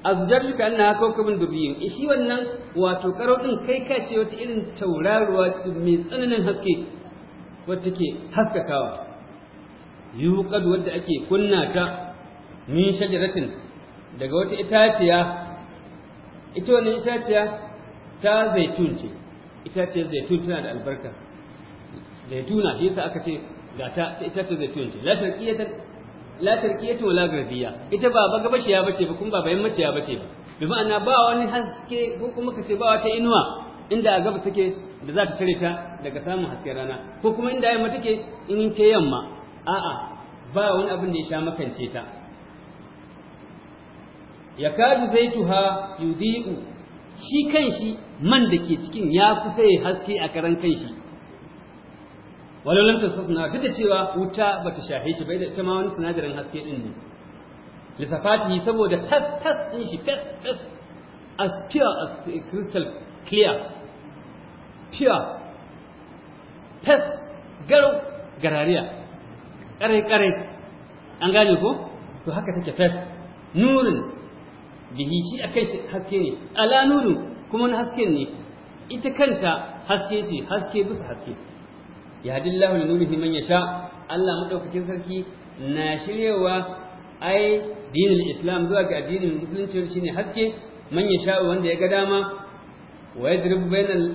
azjar ka annaha kawkabun dubiyin eh, shi wannan wato karo din kai ka ce wata irin tauraruwa mai tsananin haske wacce ke haskakawa yuqad wadda ake kunna ta min shajaratin daga wata itaciya ita wannan itaciya ta zaitun ce itaciyar zaitun tana da albarka zaituna yasa aka ce ga ta itaciyar zaitun ce la shirkiyatan la sharqiyatu wala garbiya ita ba ba gabashiya bace ba kuma ba bayan maciya bace ba bi ma'ana ba wani haske ko kuma kace ba wata inuwa inda a gaba take da za ta cire ta daga samun hasken rana ko kuma inda yamma take in ce yamma a'a ba wani abin da ya sha makance ta kadu zaituha yudhi'u shi kanshi man da ke cikin ya kusa ya haske a karan kanshi walolin tasasna duk da cewa wuta ba ta shahe shi bai da ita ma wani sinadarin haske din ne Lissafati saboda tas tas din shi fes fes as pure as crystal clear pure fes garau garariya kare kare an gane ko to haka take fes nurin bihi shi akai shi haske ne ala nuru kuma wani hasken ne ita kanta haske ce haske bisa haske yahdillahu li nurihi man yasha Allah madaukakin sarki na shiryewa ai dinin islam zuwa ga addinin musulunci shine haske man yasha wanda ya ga dama wa yadribu bainal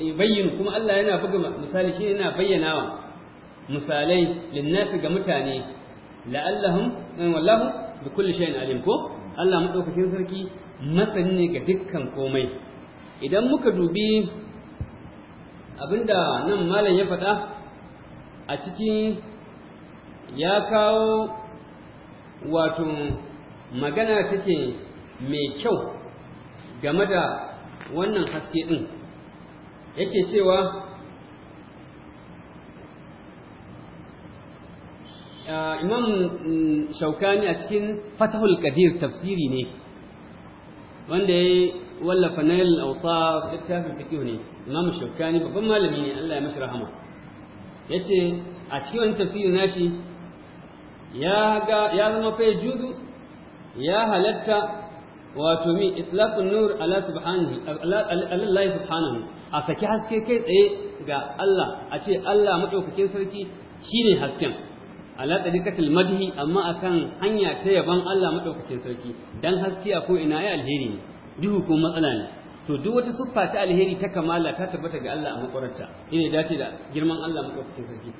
yubayyin kuma Allah yana buga misali shine yana bayyanawa misalai linnafi ga mutane la'allahum wallahu bi kulli shay'in alim ko Allah madaukakin sarki masani ne ga dukkan komai idan muka dubi abinda nan malam ya faɗa a cikin ya kawo wato magana take mai kyau game da wannan haske ɗin yake cewa imam shaukani a cikin fatahul kadir tafsiri ne wanda ya wallafa nail awsaf littafin fiqh ne imam shaukani babban malami ne Allah ya masa rahama yace a cikin tafsirin nashi ya ga ya zama fa judu ya halatta wato min itlaqun nur ala subhanahu Allah subhanahu a saki haske kai tsaye ga Allah a ce Allah madaukakin sarki shine hasken ala tariqatil madhi amma akan hanya ta yaban Allah madaukakin sarki dan haske a ko ina ya alheri ne duhu ko matsala ne to duk wata siffa ta alheri ta kamala ta tabbata ga Allah a makwararta ina dace da girman Allah kafin sarki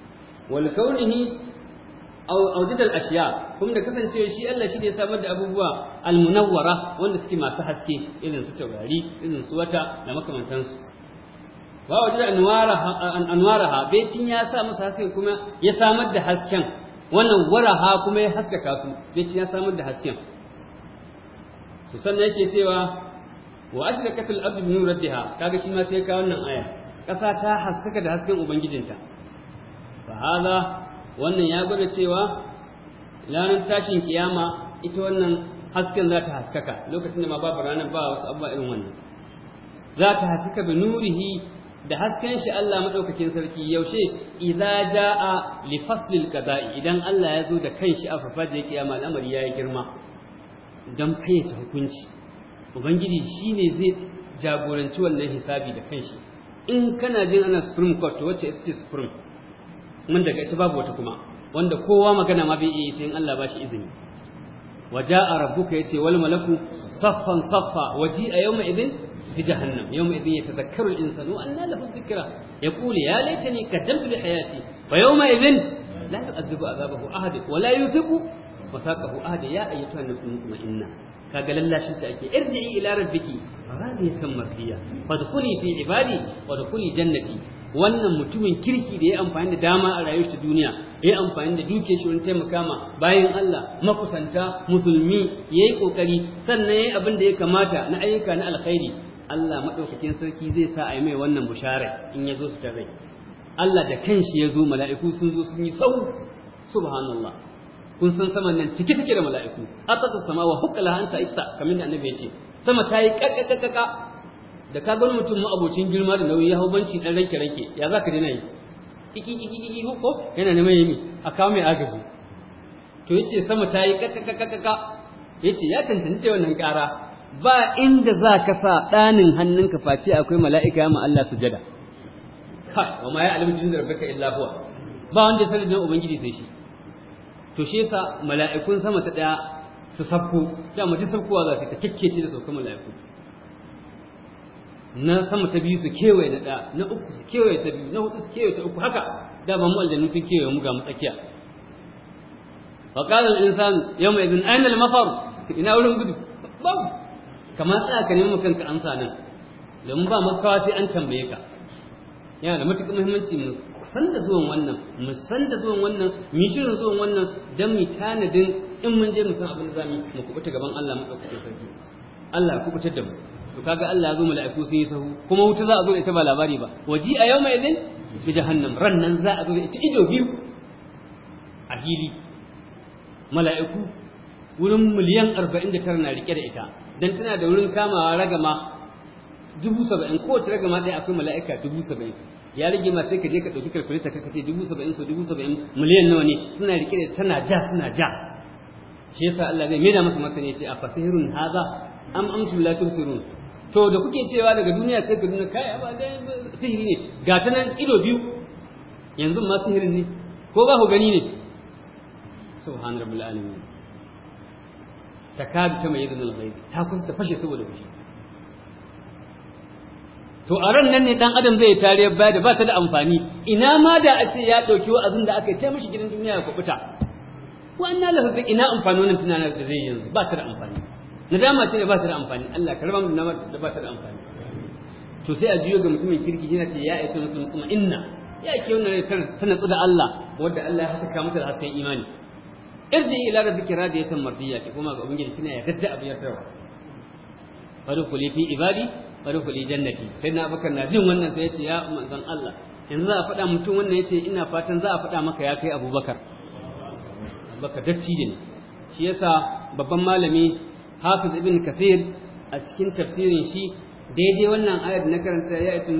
wal kaunihi aw al ashiya kuma da kasancewa shi Allah shi ne samar da abubuwa al munawwara wanda suke masu haske irin su taurari irin su wata da makamantansu wa wajida anwaraha anwaraha baitin ya sa musu haske kuma ya samar da hasken wannan waraha kuma ya haskaka su baitin ya samar da hasken to sannan yake cewa wa ashraqat al-ardu bi nuriha kaga shi ma sai ka wannan aya kasa ta haskaka da hasken ubangijinta fa hada wannan ya gwada cewa ranar tashin kiyama ita wannan hasken za ta haskaka lokacin da ma babu ranar ba wasu abubuwa irin wannan za ta haskaka bi nurihi da hasken shi Allah madaukakin sarki yaushe idza jaa li faslil qada'i idan Allah ya zo da kanshi a farfajiyar kiyama al'amari yayi girma dan fayyace hukunci ubangiji shi ne zai jagoranci wannan hisabi da kanshi in kana jin ana supreme court to wacce ita ce supreme mun daga ita babu wata kuma wanda kowa magana ma bai iya sai in Allah ba shi izini waja'a rabbuka yace wal malaku saffan saffa waji'a yawma idhin fi jahannam yawma idhin yatadhakkaru al insanu wa anna lahu dhikra yaqulu ya laitani qaddamtu li hayati wa yawma idhin la yu'adhibu adhabahu ahad wa la yuthiqu wathaqahu ahad ya ayyatuha an-nafsul mutmainna kaga lallashin ta ake irji'i ila rabbiki mafiya. mardiya fadkhuli fi ibadi wadkhuli jannati wannan mutumin kirki da ya amfani da dama a rayuwar ta duniya ya amfani da duke shi wurin taimaka ma bayan Allah makusanta musulmi yayi kokari sannan yayi abin da ya kamata na ayyuka na alkhairi Allah madaukakin sarki zai sa a yi mai wannan bushara in ya zo su ta rai Allah da kanshi ya zo mala'iku sun zo sun yi sau subhanallah kun san saman nan cike take da mala'iku asasa sama wa hukkala anta isa kamar da annabi ya ce sama ta yi kakakakaka da ka gani mutum abocin girma da nauyi ya hau banci dan ranke ranke ya za ka dina yi iki iki iki hukko yana neman yimi a kawo mai agaji to yace sama ta yi kakakakaka yace ya tantance wannan ƙara ba inda za ka sa ɗanin hannunka face akwai mala'ika ya Allah sujada kai wa ma ya alimu jinin da rabbaka illa huwa ba wanda da ubangiji sai shi to shi yasa mala'ikun sama ta daya su sabko da mu ji sabkowa za ta ce da saukan mala'iku na sama ta biyu su kewaye na daya na uku su kewaye ta biyu na hudu su kewaye ta uku haka da ba mu aljanu sun kewaye mu ga mu tsakiya wa qala al-insan yawma idhin ayna al-mafar ina wurin gudu babu kamar tsaya ka nemi kanka amsa nan domin ba makawa sai an tambaye ka yana da matuƙar muhimmanci mu san da zuwan wannan mu san da zuwan wannan mu shirin zuwan wannan dan mu tanadin in mun je mu san abin da zamu mu kubuta gaban Allah mu dauke sarki Allah ya kubutar da mu to kaga Allah ya zo mala'iku sun yi sahu kuma wuta za a zo da ita ba labari ba waji a yau mai idin bi jahannam rannan za a zo da ita ido biyu a hili mala'iku wurin miliyan 49 na rike da ita dan tana da wurin kamawa ragama dubu saba'in kowace ragama ɗaya akwai mala'ika dubu saba'in ya rage ma sai ka je ka ɗauki calculator ka ce dubu saba'in sau dubu saba'in miliyan nawa ne suna rike da tana ja suna ja shi yasa Allah zai maida masa martani ce a fasihirun haza am amtum la tusirun to da kuke cewa daga duniya sai ka duniya kai ba dai sihiri ne ga ta nan ido biyu yanzu ma sihirin ne ko ba ku gani ne subhanallahi rabbil alamin takabi kama yadun al ta kusa ta fashe saboda fushi to a ran nan ne dan adam zai tare baya da ba ta da amfani ina ma da a ce ya dauki wa'azin da aka ce mishi gidan duniya ya kubuta wannan lafafin ina amfani wannan tunanin da zai yanzu ba ta da amfani nadama ce ba ta da amfani Allah karban mu nadama da ba ta da amfani to sai a juyo ga mutumin kirki yana ce ya aika musu kuma inna ya ke wannan ta natsu da Allah wanda Allah ya hasaka mata da hasken imani irji ila rabbika radiyatan mardiya ki kuma ga ubangiji kina ya gaddi abiyar tawa fadu kuli fi ibadi farkuli jannati sai na bakar na jin wannan sai ya ce ya manzon Allah yanzu za a faɗa mutum wannan ya ce ina fatan za a faɗa maka ya kai abubakar abubakar dacci ne shi yasa babban malami hafiz ibn kafir a cikin tafsirin shi daidai wannan ayat na karanta ya yi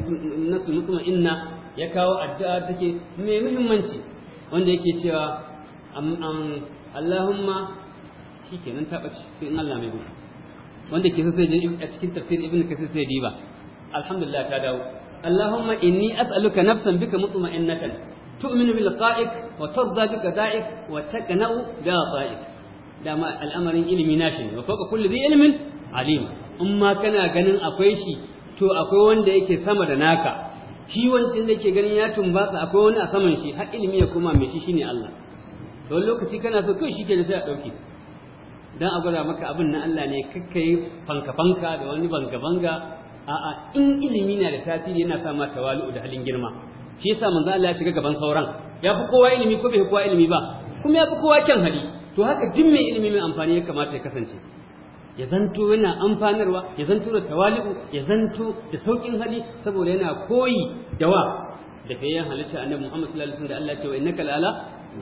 nasu mutuma inna ya kawo addu'a take mai muhimmanci wanda yake cewa Allahumma shi kenan taɓa cikin Allah mai gudu wanda ke sai a cikin tafsir ibn kasir sai diba alhamdulillah ta dawo allahumma inni as'aluka nafsan bika mutma'innatan tu'minu bil qa'ik wa tarda bika da'ik wa taqna'u da ta'ik dama al'amarin ilimi nashi ne wa fawqa kulli dhi ilmin alim in kana ganin akwai shi to akwai wanda yake sama da naka shi wancan da ke ganin ya tumbatsa akwai wani a saman shi har ilimi ya koma mai shi shine Allah don lokaci kana so kai shi ke da sai a ɗauki dan a gwada maka abin na Allah ne yi fanka fanka da wani banga banga a'a in ilimi na da tasiri yana sa ma tawali'u da halin girma shi yasa manzo Allah ya shiga gaban sauran ya fi kowa ilimi ko bai kowa ilimi ba kuma ya fi kowa kyan hali to haka duk mai ilimi mai amfani ya kamata ya kasance ya zanto yana amfanarwa ya zanto da tawali'u ya zanto da saukin hali saboda yana koyi da wa da fayyan halitta annabi Muhammad sallallahu alaihi wasallam da Allah ce wa innaka la'ala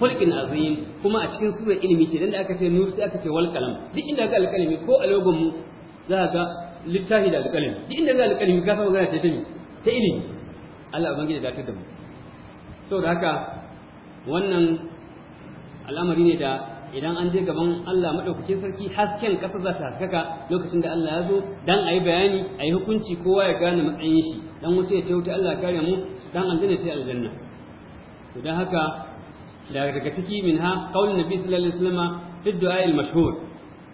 hulkin azim kuma a cikin surar ilimi ce dan da aka ce nur sai aka ce wal kalam duk inda ga alƙalami ko a logon mu za ga littafi da alkalami duk inda ga alƙalami, ka san gana ce ta me ta ilimi Allah ban da ta da mu saboda haka wannan al'amari ne da idan an je gaban Allah madaukakin sarki hasken kasa za ta haskaka lokacin da Allah ya zo dan ayi bayani ayi hukunci kowa ya gane matsayin shi dan wuce ya tauta Allah kare mu dan aljanna ce aljanna to dan haka daga ciki ha qaulin nabi sallallahu alaihi wasallam fi du'a al-mashhur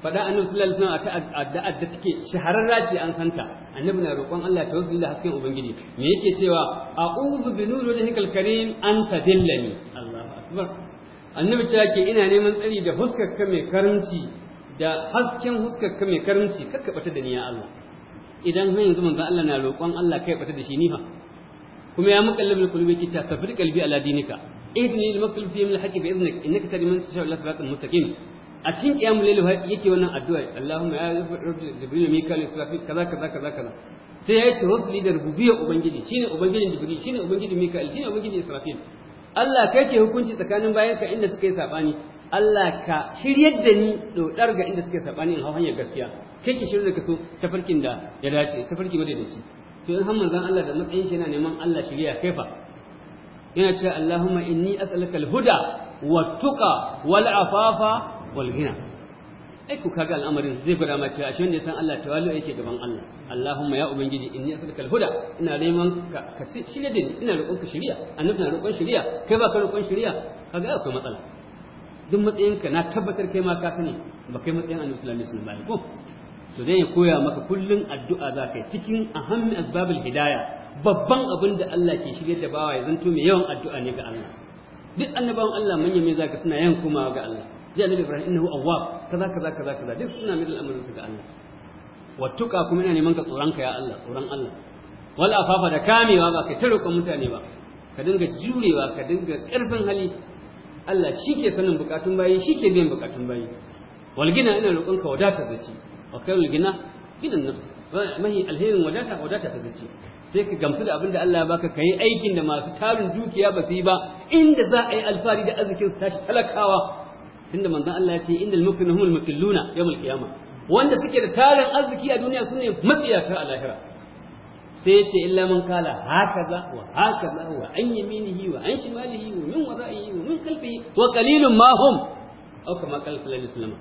fada annabi sallallahu alaihi wasallam a addu'a da take shahararra ce an santa annabi na roƙon Allah ta wasu da hasken ubangiji me yake cewa a'udhu bi nuri lahikal karim an tadillani Allahu akbar annabi ce yake ina neman tsari da huskar ka mai karanci da hasken huskar ka mai karanci kar ka bata da niyya Allah idan har yanzu manzon Allah na roƙon Allah kai bata da shi ni fa kuma ya muqallibul qulubi kitab tafriqal bi ala dinika idni lil maktub fi min al-haqqi bi idnik innaka tahdi man tasha ila siratal a cikin qiyamul layl yake wannan addu'a Allahumma ya rabbi jibril mikael israfil kaza kaza kaza kaza sai ya yi tawassuli da rububiyar ubangiji shine ubangijin jibril shine ubangijin mikael shine ubangijin israfil Allah kai ke hukunci tsakanin bayanka inda suka yi sabani Allah ka shiryar da ni dodar ga inda suka yi sabani in hau hanyar gaskiya kai ke shirya da kaso tafarkin da ya dace tafarki madaidaci to in har manzon Allah da matsayin shi yana neman Allah shirya kai fa yana cewa Allahumma inni as'aluka al-huda wat-tuqa wal-afafa wal-ghina ai ku kaga al'amarin zai gwada ma cewa shi ne ya san Allah tawallu yake gaban Allah Allahumma ya ubangiji inni as'aluka al-huda ina neman ka shirya da ni ina roƙon ka shirya annabi na roƙon shirya kai ba ka roƙon shirya kaga akwai matsala duk matsayinka na tabbatar kai ma ka sani ba kai matsayin annabi sallallahu alaihi wasallam ba ko to dai ya koya maka kullun addu'a za ka yi cikin ahammi asbabul hidayah babban abin da Allah ke shirye da bawa ya zanto mai yawan addu'a ne ga Allah duk annabawan Allah manya mai zaka suna yawan komawa ga Allah ji annabi Ibrahim innahu awwab kaza kaza kaza kaza duk suna mai al'amarin su ga Allah wattuka kuma ina neman ka tsoron ka ya Allah tsoron Allah wala afafa da kamewa ba ka tare mutane ba ka dinga jurewa ka dinga karfin hali Allah shi ke sanin bukatun bayi shi ke biyan bukatun bayi walgina ina roƙon ka wadata zaci wa kai walgina gidan nafsi mahi alherin wadata wadata ta zaci sai ka gamsu da abin da Allah ya baka ka yi aikin da masu tarin dukiya ba su yi ba inda za a yi alfari da arzikin su tashi talakawa tunda manzon Allah ya ce innal mukminuna humul mukilluna yawmal qiyamah wanda suke da tarin arziki a duniya sune matsiyata a lahira sai ya ce illa man kala hakaza wa hakaza wa an yaminihi wa an shimalihi wa min wara'ihi wa min khalfihi wa qalilun ma hum aw kama qala sallallahu alaihi wasallam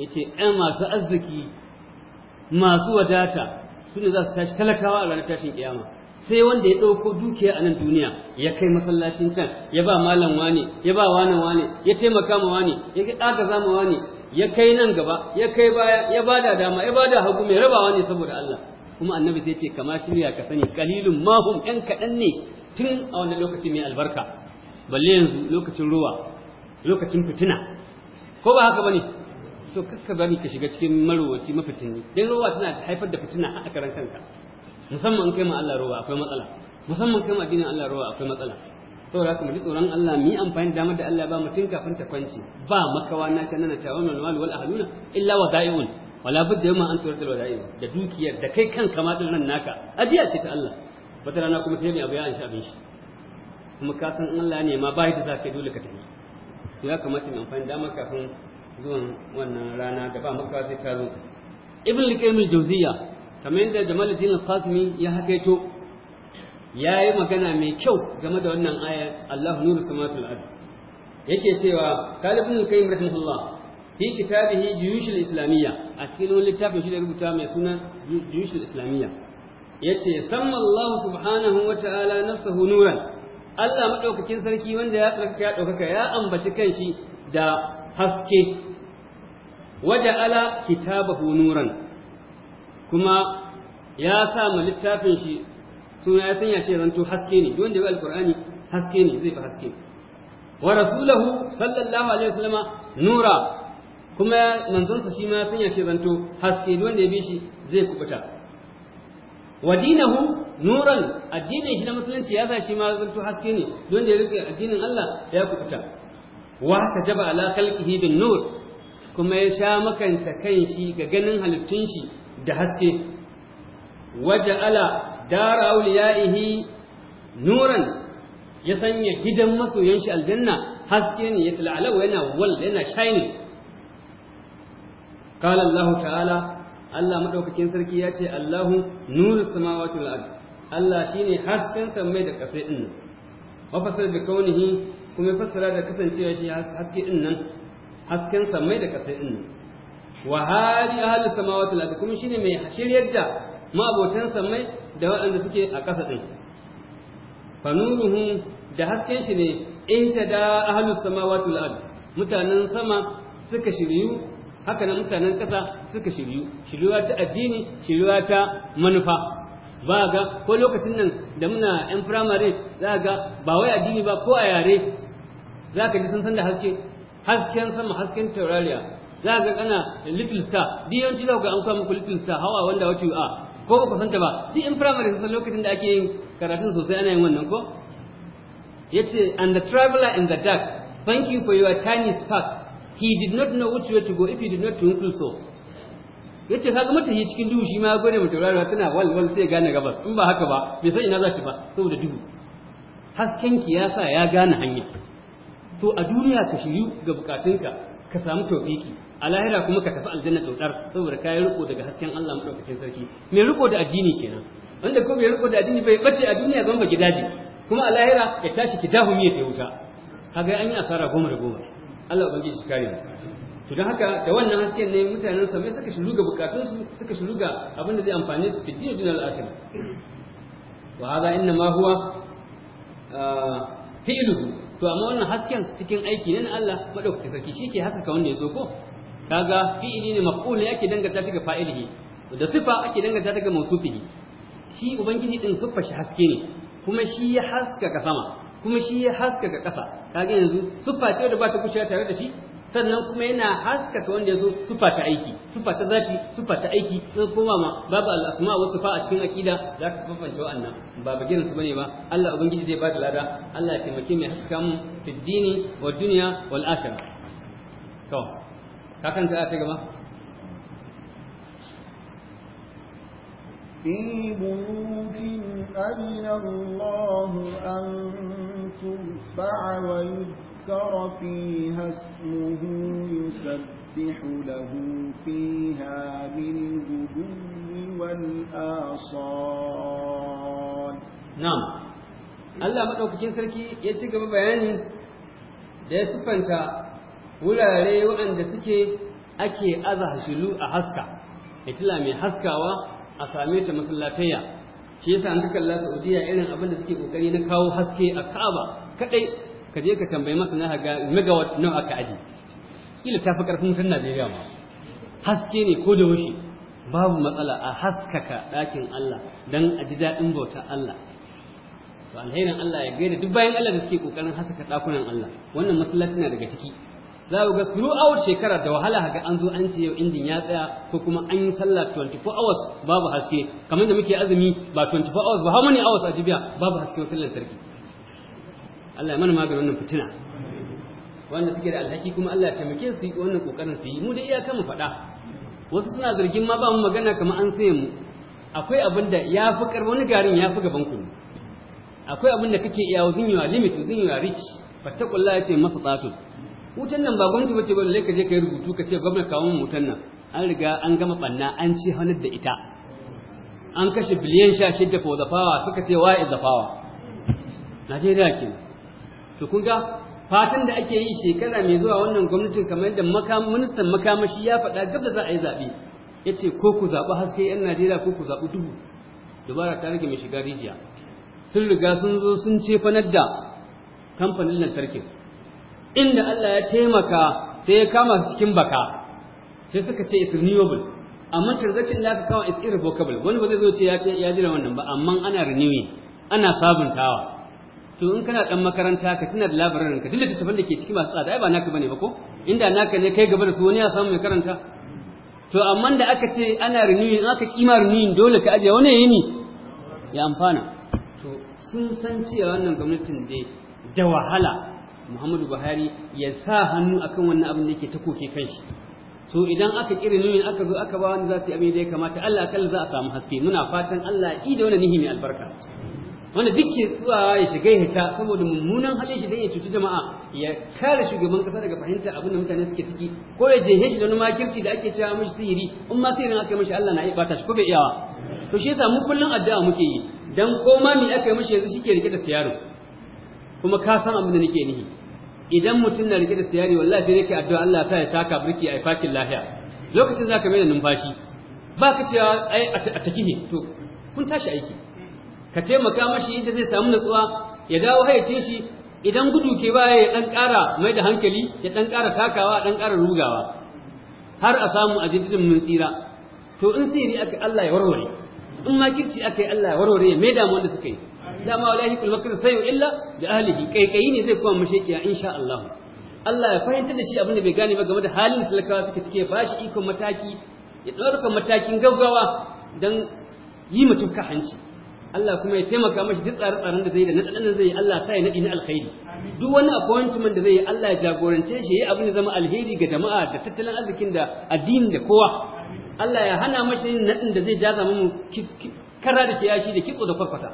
yace ai masu arziki masu wadata su ne za su tashi talakawa a ranar tashin kiyama sai wanda ya ɗauko dukiya a nan duniya ya kai masallacin can ya ba malam wane ya ba wane wane ya taimaka ma wane ya ga ɗaga zama wane ya kai nan gaba ya kai baya ya bada dama ya bada hagu mai rabawa ne saboda Allah kuma annabi zai ce kama shirya ka sani kalilun mahum yan kaɗan ne tun a wannan lokaci mai albarka balle yanzu lokacin ruwa lokacin fitina ko ba haka bane to kakka bari ka shiga cikin marowaci mafitini dan rowa tana haifar da fitina a karan kanka musamman kai ma Allah rowa akwai matsala musamman kai ma addinin Allah rowa akwai matsala saboda haka mu ji tsoron Allah mi amfani da damar da Allah ba mutun kafin ta kwanci ba makawa na ce nana tawo min wal ahluna illa da'iun wala budda yamma an turatul wadai'un da dukiyar da kai kanka ma din nan naka ajiya ce ta Allah wata rana kuma sai mai abu ya an sha abin shi kuma ka san Allah ne ma ba da zaka dole ka tafi ya kamata mu amfani da damar kafin zuwan wannan rana da ba makawa sai ta zo ibn al-qayyim al-jawziyya kamar da jamaluddin al-qasimi ya hakaito ya yi magana mai kyau game da wannan aya Allah nuru al ard yake cewa talibin al-qayyim rahimahullah fi kitabihi juyush al-islamiyya a cikin littafin shi da rubuta mai suna juyush al-islamiyya yace samma Allah subhanahu wa ta'ala nafsuhu nuran Allah madaukakin sarki wanda ya tsaka ya dauka ya ambaci kanshi da haske Ala kitabahu nuran kuma ya sa mu littafin shi suna ya sanya shi zanto haske ne wanda ya alqur'ani haske ne zai fi haske wa rasulahu sallallahu alaihi wasallama nura kuma sa shi ma ya sanya shi zanto haske wanda ya bi shi zai kubuta wa dinahu nuran addinin shi na musulunci ya sa shi ma zanto haske ne wanda ya rike addinin Allah ya kubuta wa jaba ala khalqihi bin nur kuma ya sha makanta kanshi ga ganin halittun shi da haske waje ala dara auliyaihi nuran ya sanya gidan masoyan shi aljanna haske ne ya tala'alau yana wal yana shine. qala allah ta'ala Allah madaukakin sarki ya ce Allahu nuru samawati wal ard Allah shine hasken sammai da kafe din mafasar da kaunihi kuma ya fassara da kasancewa shi haske din nan hasken samai da kasai din nan wa hadi ahli samawati lati kuma shine mai shiryar da ma'abotan samai da waɗanda suke a ƙasa din fa nuruhu da hasken shi ne in da ahli samawati lati mutanen sama suka shiryu haka nan mutanen ƙasa suka shiryu shiryuwa ta addini shiryuwa ta manufa ba ga ko lokacin nan da muna yan firamare za ga ba wai addini ba ko a yare za ka ji sun san da haske hasken sama hasken taurariya za ka kana little star duk yawanci za ku ga an kawo muku little star hawa wanda wata a ko ba ku santa ba duk in primary sun lokacin da ake yin karatun sosai ana yin wannan ko yace and the traveler in the dark Thank you for your tiny spark he did not know which way to go if he did not twinkle so yace kaga matahi cikin duhu shi ma gode mata rayuwa tana wal sai gane gabas in ba haka ba bai san ina za shi ba saboda duhu hasken ki ya sa ya gane hanya to a duniya ka shiryu ga bukatunka ka samu tofiki a lahira kuma ka tafi aljanna tautar saboda ka yi riko daga hasken Allah madaukakin sarki mai riko da addini kenan wanda ko bai riko da addini bai bace a duniya zan baki daji kuma a lahira ya tashi ki dahu miye ta wuta kaga an yi asara goma da goma Allah ubangi shi kare mu to dan haka da wannan hasken ne mutanen sa mai suka shiru ga bukatun su suka shiru ga abin da zai amfane su fi dinin al-akhir wa hada inna ma huwa ah, fi'luhu to amma wannan hasken cikin aiki ne na Allah madaukaki sarki shi ke haskaka wanda ya zo ko kaga fi'ili ne maf'ul ne ake dangata shi ga fa'ilihi da sifa ake dangata ta ga mausufihi shi ubangiji din sifa shi haske ne kuma shi ya haskaka sama kuma shi ya haskaka ƙasa kaga yanzu siffa ce da ba ta kushe tare da shi sannan kuma yana haskaka wanda ya zo sufa ta aiki sufa ta zafi sufa ta aiki sun koma ma babu al'asma wasu fa a cikin akida za ka bambance wa'annan ba bagirin su bane ba Allah ubangiji zai ba da lada Allah ya taimake mai haska mu fi dini wa duniya wa akhirah to ka kan ta ta gaba في بيوت أذن الله أن ترفع ويذكر يذكر فيها اسمه يسبح له فيها بالغدو والآصال نعم Allah maɗaukakin sarki ya ci gaba bayani da ya siffanta wurare waɗanda suke ake aza hashilu a haska fitila mai haskawa a same ta masallatayya shi yasa an kalla Saudiya irin abin da suke ƙoƙari na kawo haske a Ka'aba kaɗai? ka je ka tambayi na ga megawatt nawa aka aji kila ta fi karfin wutar Najeriya ma haske ne ko da wushi babu matsala a haskaka ɗakin Allah dan a ji daɗin bauta Allah to alherin Allah ya gaida duk bayan Allah da suke kokarin haskaka ɗakunan Allah wannan masallaci na daga ciki za ku ga throughout shekara da wahala haka an zo an ce yau injin ya tsaya ko kuma an yi sallah 24 hours babu haske kamar da muke azumi ba 24 hours ba how many hours a jibiya babu haske wutar sarki. Allah ya mana maganin wannan fitina wanda suke da alhaki kuma Allah ya taimake su yi wannan kokarin su yi mu da iyaka mu faɗa wasu suna zargin ma ba mu magana kamar an sai mu akwai abin da ya fi wani garin ya fi gaban ku akwai abin da kake iya wuzin yawa limit wuzin yawa rich fattakullah ya ce masa tsatun wutan nan ba gwamnati ba ce ba lalle ka je ka yi rubutu ka ce gwamnati kawo mu wutan nan an riga an gama banna an ci hannar da ita an kashe biliyan sha shidda for the power suka ce wa is the power Najeriya kenan to kun ga fatan da ake yi shekara mai zuwa wannan gwamnatin kamar yadda ministan makamashi ya faɗa gab da za a yi zaɓe ya ce ko ku zaɓi haske 'yan najeriya ko ku zaɓi duhu dubara ta rage mai shiga rijiya sun riga sun zo sun ce fanar da kamfanin lantarkin inda allah ya taimaka sai ya kama cikin baka sai suka ce it's renewable amma transaction da aka kawo it's irrevocable wani ba zai zo ce ya ce ya jira wannan ba amma ana renewing ana sabuntawa to in kana dan makaranta ka tana da labarin ka dinda tafin da ke ciki masu tsada ai ba naka bane ba ko inda naka ne kai gaba da su wani ya samu mai karanta to amma da aka ce ana renewing in aka kima renewing dole ka ajiye wani yayi ni ya amfana to sun san cewa wannan gwamnatin da da wahala Muhammadu Buhari ya sa hannu akan wannan abin da yake ta koke kanshi To idan aka kira nuni aka zo aka ba wani za yi abin da ya kamata Allah akalla za a samu haske muna fatan Allah ya da wani nihi mai albarka wanda duk ke ya shiga ya hita saboda mummunan halin shi dan ya cuci jama'a ya kare shugaban kasa daga fahimta abin da mutane suke ciki ko ya je shi da wani makirci da ake cewa mishi sihiri in ma sihirin aka yi mishi Allah na iya bata shi ko bai iyawa to shi yasa mu kullun addu'a muke yi dan ko ma me aka yi mishi yanzu shike rike da siyaro kuma ka san abin da nake nihi idan mutum na rike da siyari wallahi sai yake addu'a Allah ta ya taka birki ai fakin lahiya lokacin zaka mai da numfashi ba ka cewa ai a takihi to kun tashi aiki ka taimaka mashi inda zai samu natsuwa ya dawo hayyacin shi idan gudu ke baya ya dan ƙara mai da hankali ya dan ƙara takawa dan ƙara rugawa har a samu a jididin mun tsira to in sai ni aka Allah ya warware in ma kirci aka yi Allah ya warware ya maida mu wanda suka yi dama wallahi kul makr sayu illa da ahlihi kai ne zai kuma kiya insha Allah Allah ya fahimtar da shi abin da bai gane ba game da halin talakawa suka cike ba shi ikon mataki ya ɗaukar matakin gaggawa don yi mutum ka hanci Allah kuma ya taimaka mashi duk tsare-tsaren da zai da naɗaɗan da zai yi Allah sa ya naɗi na alkhairi duk wani appointment da zai yi Allah ya jagorance shi ya abin da zama alheri ga jama'a da tattalin arzikin da addini da kowa Allah ya hana mashi yin naɗin da zai jaza mu kara da kiyashi da kitso da kwarkwata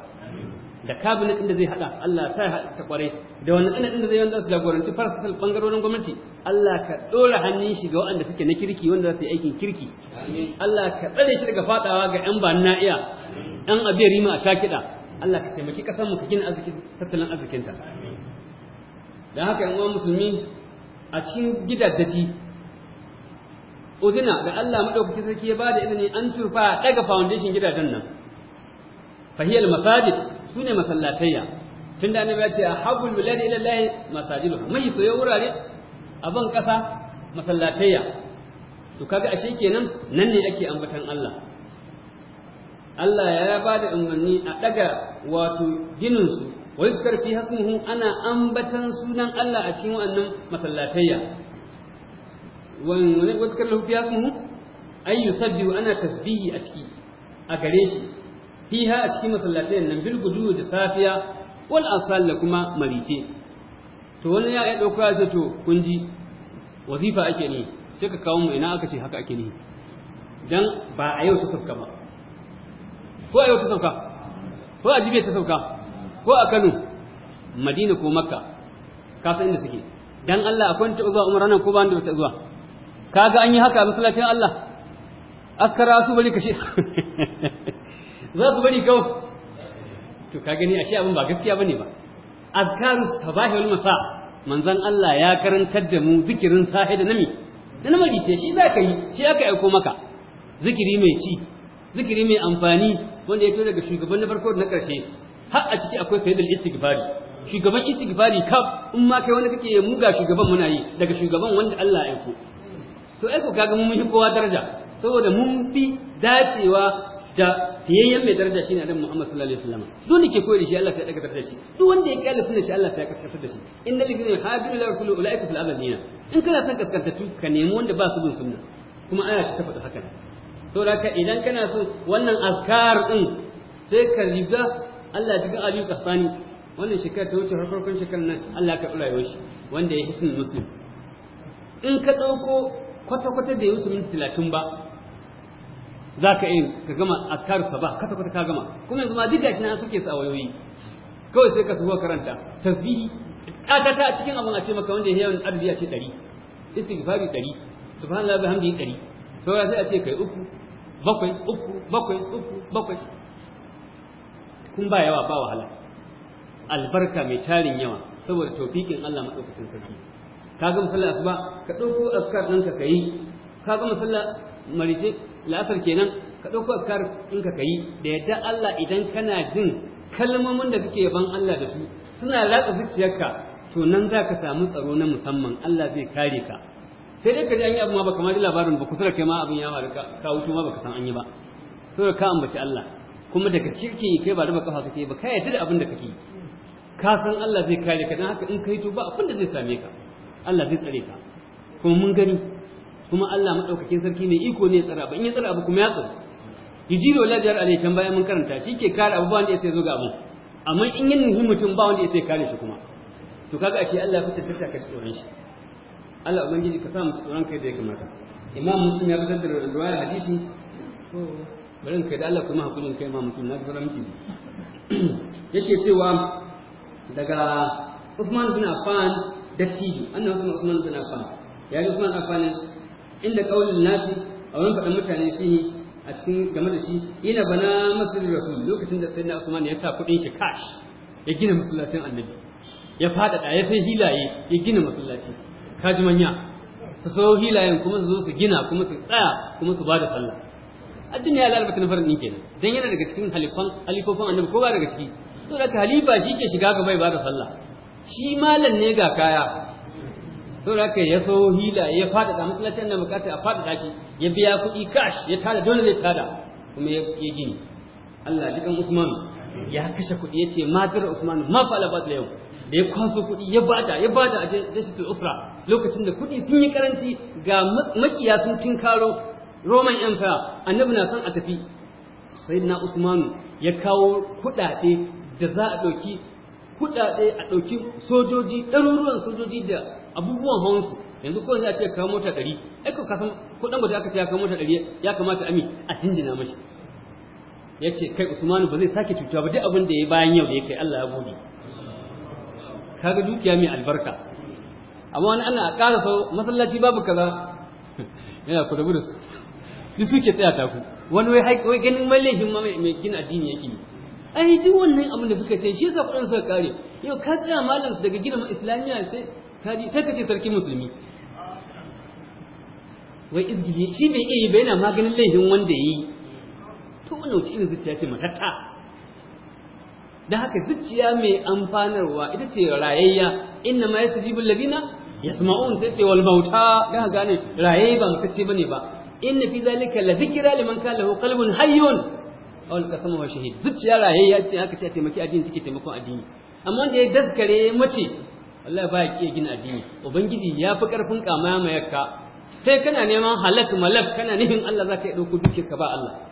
da kabinet da zai hada Allah sa ya ta kware da wani naɗin da zai wanda su jagoranci farfasal bangarorin gwamnati Allah ka ɗora hannun shi ga waɗanda suke na kirki wanda za su yi aikin kirki Allah ka tsare shi daga fadawa ga 'yan ba na iya dan abiyar rima a sha kiɗa Allah ka taimaki ƙasar mu ka gina arzikin tattalin arzikinta Da haka yan uwan musulmi a cikin gidaddaci uzina da Allah madaukakin sarki ya bada izini an turfa daga foundation gidajen nan fahiyal masajid sune masallatayya tunda annabi ya ce ahabbul bilad ila lahi masajiduha mai soyayya wurare a ban kasa masallatayya to kaga ashe kenan nan ne ake ambatan Allah Allah ya ba da umarni a daga wato gininsu wa yuzkar fi hasmuhu ana ambatan sunan Allah a cikin wannan masallatayya wani wadkar lahu ya kuma ay yusabbihu ana tasbihi a ciki a gare shi fiha a cikin masallatayyan nan bil gudu da safiya wal asal da kuma marice to wani ya dauko ya ce to kun ji wazifa ake ne sai ka kawo mu ina aka ce haka ake ne dan ba a yau ta sabka ba ko a yau ta sauka ko a jibiya ta sauka ko a kano madina ko makka ka san inda suke dan Allah akwai ta zuwa umra nan ko ba da ta zuwa kaga an yi haka a masallacin Allah askara su bari kashi za su bari kawo to ka gani ashe abin ba gaskiya bane ba azkaru sabahi wal masa manzon Allah ya karantar da mu zikirin sahi da nami da namiji ce shi ka yi shi aka aiko maka zikiri mai ci zikiri mai amfani wanda ya fito daga shugaban na farko na ƙarshe har a ciki akwai sayyidul istighfari shugaban istighfari kaf in ma kai wanda kake mu ga shugaban muna yi daga shugaban wanda Allah ya aiko to ko kaga mun yi kowa daraja saboda mun fi dacewa da fiyayyen mai daraja shine annabi Muhammad sallallahu alaihi wasallam duk ne ke koyi da shi Allah ya daga daraja shi duk wanda ya kalla sunan shi Allah ya kaskanta da shi innal ladina habiru la rasulu ulaika fil abadina in kana san kaskantattu ka nemi wanda ba su bin sunna kuma ana ta tafata haka to haka idan kana so wannan azkar din sai ka riga Allah ya ga Aliyu Kasani wannan shekara ta wuce farkon shekarar nan Allah ka tsura yau shi wanda ya hisn muslim in ka dauko kwata-kwata da ya wuce minti talatin ba za ka yin ka gama azkar ba kwata-kwata ka gama kuma yanzu ma duk gashi na suke sa wayoyi kawai sai ka zuwa karanta tasbihi ta ta a cikin abin a ce maka wanda ya yawan arziki a ce ɗari istighfari ɗari subhanallahi bihamdihi ɗari sai a ce kai uku bakwai uku bakwai uku bakwai kun ba yawa ba wahala albarka mai tarin yawa saboda taufikin Allah madaukakin sarki ka ga musalla asuba ka dauko askar ɗinka ka yi ka ga musalla marice la'asar kenan ka dauko askar ɗinka ka yi da yadda Allah idan kana jin kalmomin da kake yaban Allah da su suna ratsa zuciyarka to nan za ka samu tsaro na musamman Allah zai kare ka sai dai ka ji an yi abu ma baka ma ji labarin ba kusa da kai ma abin ya faru ka wuce ma baka san an yi ba saboda ka ambaci Allah kuma daga yi kai ba da baka kafa kake ba kai yadda da abin da kake yi ka san Allah zai kare ka dan haka in kai to ba abin da zai same ka Allah zai tsare ka kuma mun gani kuma Allah madaukakin sarki ne iko ne tsara ba in ya tsara abu kuma ya tsara yujiru la jar alai can bayan mun karanta shi ke kare abu ba wanda ya sai zo ga abin amma in yin mutum ba wanda ya sai kare shi kuma to kaga ashe Allah ya fice tattaka shi tsoron shi Allah ubangiji ka sa musu tsoron kai da ya kamata imam muslim ya fitar da riwaya hadisi to bari in kai da Allah kuma hakurin kai imam muslim na gura miki yake cewa daga Usman bin Affan Tiji, annabi Usman Usman bin Affan ya ji Usman Affan inda kaulin nasi a wurin faɗin mutane fihi a cikin game da shi ina bana masjidin rasul lokacin da sayyidina Usman ya ta kudin shi kash ya gina masallacin annabi ya faɗaɗa ya sai hilaye ya gina masallacin kaji manya su so hilayen kuma su zo su gina kuma su tsaya kuma su da sallah addini ya lalata na farin ɗin kenan dan yana daga cikin halifan halifofin annabi ko ba daga ciki to da halifa shi ke shiga bai ba bada sallah shi malam ne ga kaya saboda da ya so hila ya faɗaɗa masallacin na bukata a faɗaɗa shi ya biya kuɗi cash ya tada dole ne tada kuma ya gini Allah jikan Usman ya kashe kuɗi ya ce ma matar Usman ma fa alabat yau da ya kwaso kuɗi ya bada ya bada a jashitul usra lokacin da kuɗi sun yi karanci ga makiya sun tinkaro Roman Empire annabi na san a tafi sayyidina Usman ya kawo kuɗaɗe da za a ɗauki kuɗaɗe a ɗauki sojoji ɗaruruwan sojoji da abubuwan hawansu yanzu ko a ce ka mota ɗari ai ka san kuɗin da aka ce ka mota ɗari ya kamata ami a jinjina mashi ya ce kai usmanu ba zai sake cutuwa ba duk abin da ya bayan yau da ya kai Allah ya gobe kaga dukiya mai albarka amma wani ana ƙara sau masallaci babu kaza yana ku rabu da su duk suke tsaya ta ku wani wai wai ganin mai laifin ma mai gina addini ya ƙi ai duk wannan abin da suka ce shi yasa kuɗin suka kare yau ka tsaya malam daga gina islamiyya sai sai ka ce sarki musulmi wai izgili shi bai iya yi ba yana maganin laifin wanda ya yi to wannan wace irin zuciya ce matatta Da haka zuciya mai amfanarwa ita ce rayayya inna ma yasjibul ladina yasma'un ta ce wal mauta Da haka ne rayayya ba ce bane ba inna fi zalika la dhikra liman kana lahu qalbun hayyun aw al qasama wa shahid zuciya rayayya ce aka ce a taimaki addini take taimakon addini amma wanda ya daskare mace wallahi ba ya iya gina addini ubangiji ya fi karfin kama mayakka sai kana neman halak malak kana nihin Allah zaka yi dauko dukiyar ka ba Allah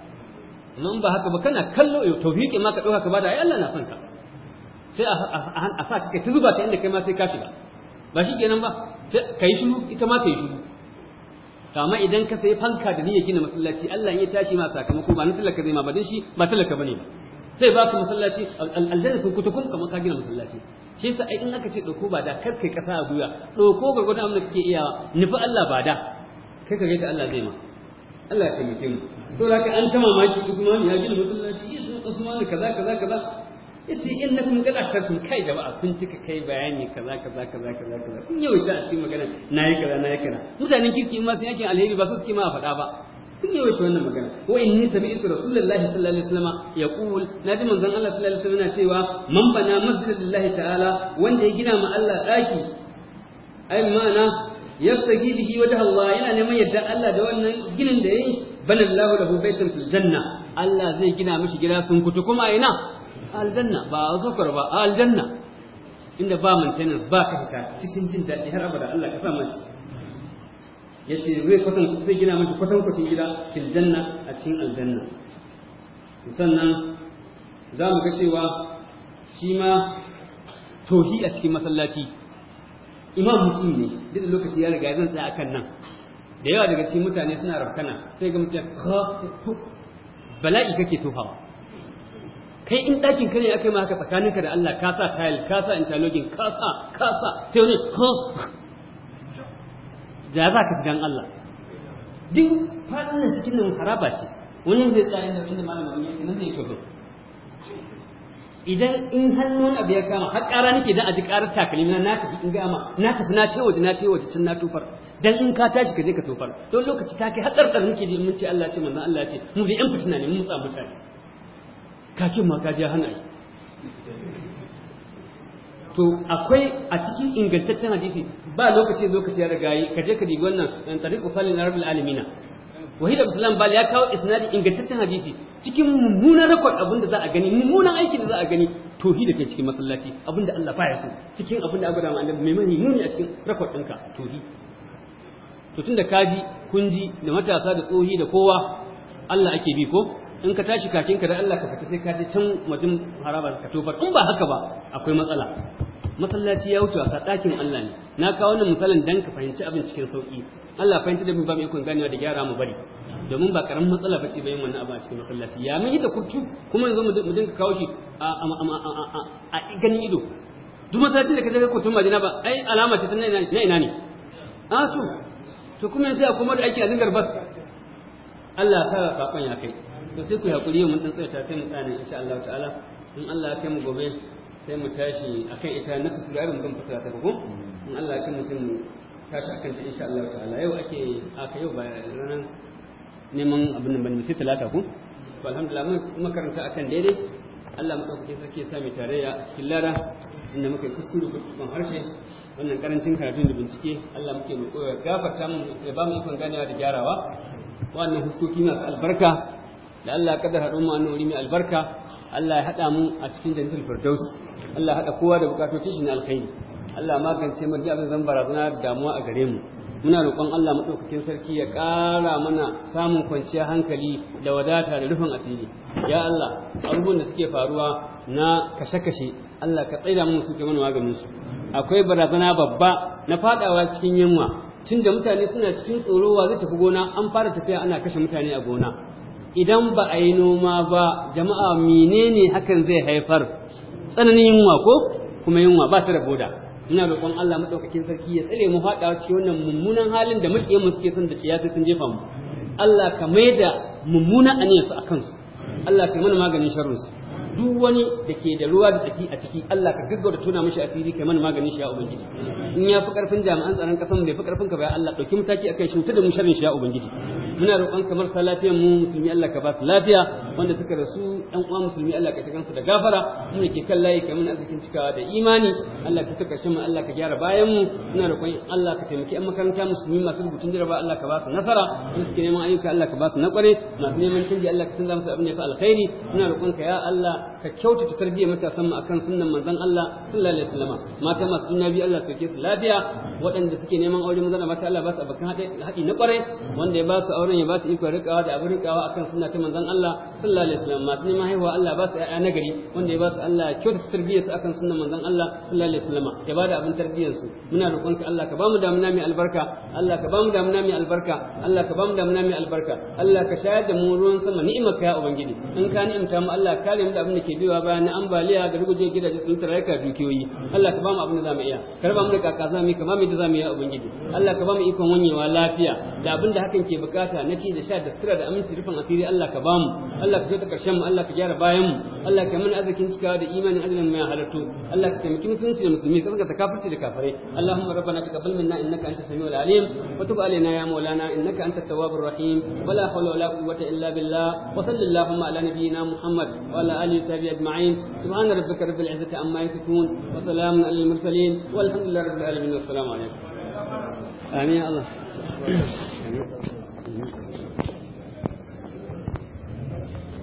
Nan ba haka ba kana kallo yau tauhidi ma ka ɗauka ka bada ai Allah na son ka sai a sa ka ta zuba ta inda kai ma sai ka shiga ba shi kenan ba sai ka yi shiru ita ma ta yi shiru amma idan ka sai fanka da niyyar gina masallaci Allah in ya tashi ma sakamako ba na tallaka zai ma ba shi ba talaka bane ba sai ba ka masallaci aljanna sun kuta kuma kamar ka gina masallaci shi yasa ai in aka ce dauko ba da kar kai kasa a guya dauko gargwadon abin da kake iya nufi Allah ba da kai ka gaita Allah zai ma Allah ya taimake mu to da ka an ta mamaki Usman ya gina masallaci ya zo Usman kaza kaza kaza yace innakum qad asartum kai jama'a sun cika kai bayani kaza kaza kaza kaza kaza kun yawaita a cikin magana nayi kaza nayi kaza mutanen kirki ma sun yake alheri ba su suke ma faɗa ba kun yawaita wannan magana wa inni sami'tu rasulullahi sallallahu alaihi wasallam yaqul naji manzon Allah sallallahu alaihi wasallam cewa man bana masjidillahi ta'ala wanda ya gina ma Allah daki ai ma'ana yastagi bihi wajh Allah yana neman yadda Allah da wannan ginin da yayi banallahu lahu baitan fil janna Allah zai gina mishi gida sun kutu kuma ina aljanna ba azukar ba aljanna inda ba maintenance ba fita cikin jin daɗi har abada Allah ka sa mu yace zai kwatan zai gina mishi kwatan kwatin gida fil janna a cikin aljanna sannan za mu ga cewa shi ma tohi a cikin masallaci imam mutum ne duk da lokaci ya riga zan tsaya akan nan da yawa daga cikin mutane suna rafkana sai ga mutum bala'i kake tofawa kai in dakin ka ne aka yi ma haka tsakaninka da Allah ka sa tile ka sa interlogin ka sa ka sa sai wani da za ka gidan Allah duk faɗin cikin nan haraba ce wani zai tsaya inda malamin ne. nan zai idan in hannun abu ya kama har ƙara nake dan a ji ƙarar takalmi na tafi in gama na tafi na ce waje na ce waje can na tufar dan in ka tashi ka je ka tufar don lokaci ta kai har tsarkar nake ji mun ce Allah ce manzon Allah ce mu bi yan fitina ne mun tsamu mutane kakin ma ka je hana yi to akwai a cikin ingantaccen hadisi ba lokaci lokaci ya riga yi ka je ka dibi wannan eh, tariq usalin rabbil alamin wahid sallam bal ya kawo isnadi ingantaccen hadisi cikin mummunan rakon abin da za a gani mummunan aikin da za a gani da kai cikin masallaci abin da Allah baya so cikin abin da aka gada annabi mai mani muni a cikin rakon ɗinka hi to tunda kaji ji da matasa da tsohi da kowa Allah ake bi ko in ka tashi kakinka da Allah ka fita sai ka je can wajen haraba ka tofar in ba haka ba akwai matsala masallaci ya wuce wasa ɗakin Allah ne na kawo wannan misalin dan ka fahimci abin cikin sauki Allah fahimci da mu ba mu ikon ganewa da gyara mu bari domin ba karamin matsala bace bayan wannan abin a cikin masallaci ya mun yi da kurtu kuma yanzu mu dinga kawo shi a ganin ido duk masallaci da ka je kurtun majina ba ai alama ce ta na ina ne a ah, to to kuma yanzu ya kuma da ake a bas Allah ta sakon ya kai to sai ku hakuri mun dan tsaya ta sai mu tsaya insha Allah ta'ala in Allah ya kai mu gobe sai mu tashi akan ita na su sura ibn bin fata ta bugu in Allah kan mutum tashi akan ta insha Allah ta'ala yau ake aka yau ba ranar neman abin nan bane sai talata ko to alhamdulillah mun makaranta akan daidai Allah mu madaukake sarki ya sami tarayya a cikin lara inda muka kuskure gurbin harshe wannan karancin karatun da bincike Allah muke mu koyar gafarta mu ya ba mu ikon ganewa da gyarawa wannan huskoki masu albarka da Allah ya kaddara mu a wuri mai albarka Allah ya haɗa mu a cikin jannatul firdaus Allah haɗa kowa da bukatocin shi na alkhairi Allah magance mu duk abin zan barazana da damuwa a gare mu muna roƙon Allah maɗaukakin sarki ya ƙara mana samun kwanciyar hankali da wadata da rufin asiri ya Allah abubuwan da suke faruwa na kashe-kashe Allah ka tsaida mu suke mana maganin su akwai barazana babba na fadawa cikin yunwa Tunda mutane suna cikin tsoro wa zai tafi gona an fara tafiya ana kashe mutane a gona idan ba a yi noma ba jama'a menene hakan zai haifar tsananin yunwa ko kuma yunwa ba ta da boda ina roƙon Allah madaukakin sarki ya tsare mu faɗawa cikin wannan mummunan halin da muke mu suke son da ciya sai sun jefa mu Allah ka maida mummuna aniyarsu a kansu Allah ka mana maganin sharrinsu duk wani da ke da ruwa da tsaki a ciki Allah ka gaggauta tona mishi asiri kai mana maganin shi ya ubangiji in ya fi karfin jami'an tsaron kasan bai fi karfin ka ba Allah dauki mataki akan shi da mu sharrin shi ya ubangiji muna roƙon kamar sa lafiyar mu musulmi Allah ka ba su lafiya wanda suka rasu ɗan uwa musulmi Allah ka su da gafara mu da ke kan layi kai mana arzikin cikawa da imani Allah ka tuka shi mu Allah ka gyara bayan mu muna roƙon Allah ka taimaki ƴan makaranta musulmi masu rubutun jaraba Allah ka ba su nasara in suke neman ayyuka Allah ka ba su na masu neman canji Allah ka canza musu abin ya fi alkhairi muna roƙon ka ya Allah ka kyautata tarbiyyar matasan mu akan sunnan manzon Allah sallallahu alaihi wasallam mata masu sunna bi Allah sauke su lafiya waɗanda suke neman aure maza da mata Allah ba su abokan haɗi na ƙwarai wanda ya ba su auren ya ba su ikon riƙawa da abin rikawa akan sunna ta manzon Allah sallallahu alaihi wasallam masu neman haihuwa Allah ba su ƴaƴa nagari wanda ya ba su Allah kyautata tarbiyyar su akan sunnan manzon Allah sallallahu alaihi wasallam ya ba da abin tarbiyyar su muna roƙonka Allah ka ba mu damuna mai albarka Allah ka ba mu damuna mai albarka Allah ka ba mu damuna mai albarka Allah ka shayar da mu ruwan sama ni'imarka ya ubangiji in ka ni'imta mu Allah ka kare mu da abin da ke biyowa bayan na ambaliya da ruguje gidaje sun tarar ka dukiyoyi Allah ka ba mu abin da zamu iya ka ba mu da kaka zamu ka ba mu da zamu iya ubangiji Allah ka ba mu ikon wanyewa lafiya da abin da hakan ke bukata na ci da sha da sira da aminci rufin asiri Allah ka ba mu Allah ka zo ta karshen mu Allah ka gyara bayan mu Allah ka mana arzikin cikawa da imanin ajalin mai halattu Allah ka taimaki musulunci da musulmi ka zaka kafirci da kafirai Allahumma rabbana taqabbal minna innaka antas samiul alim wa tub alaina ya maulana innaka antat tawwabur rahim wala hawla wala quwwata illa billah wa sallallahu ala nabiyyina muhammad wa ala alihi وأصحابه أجمعين سبحان ربك رب العزة عما يصفون وسلام على المرسلين والحمد لله رب العالمين والسلام عليكم آمين الله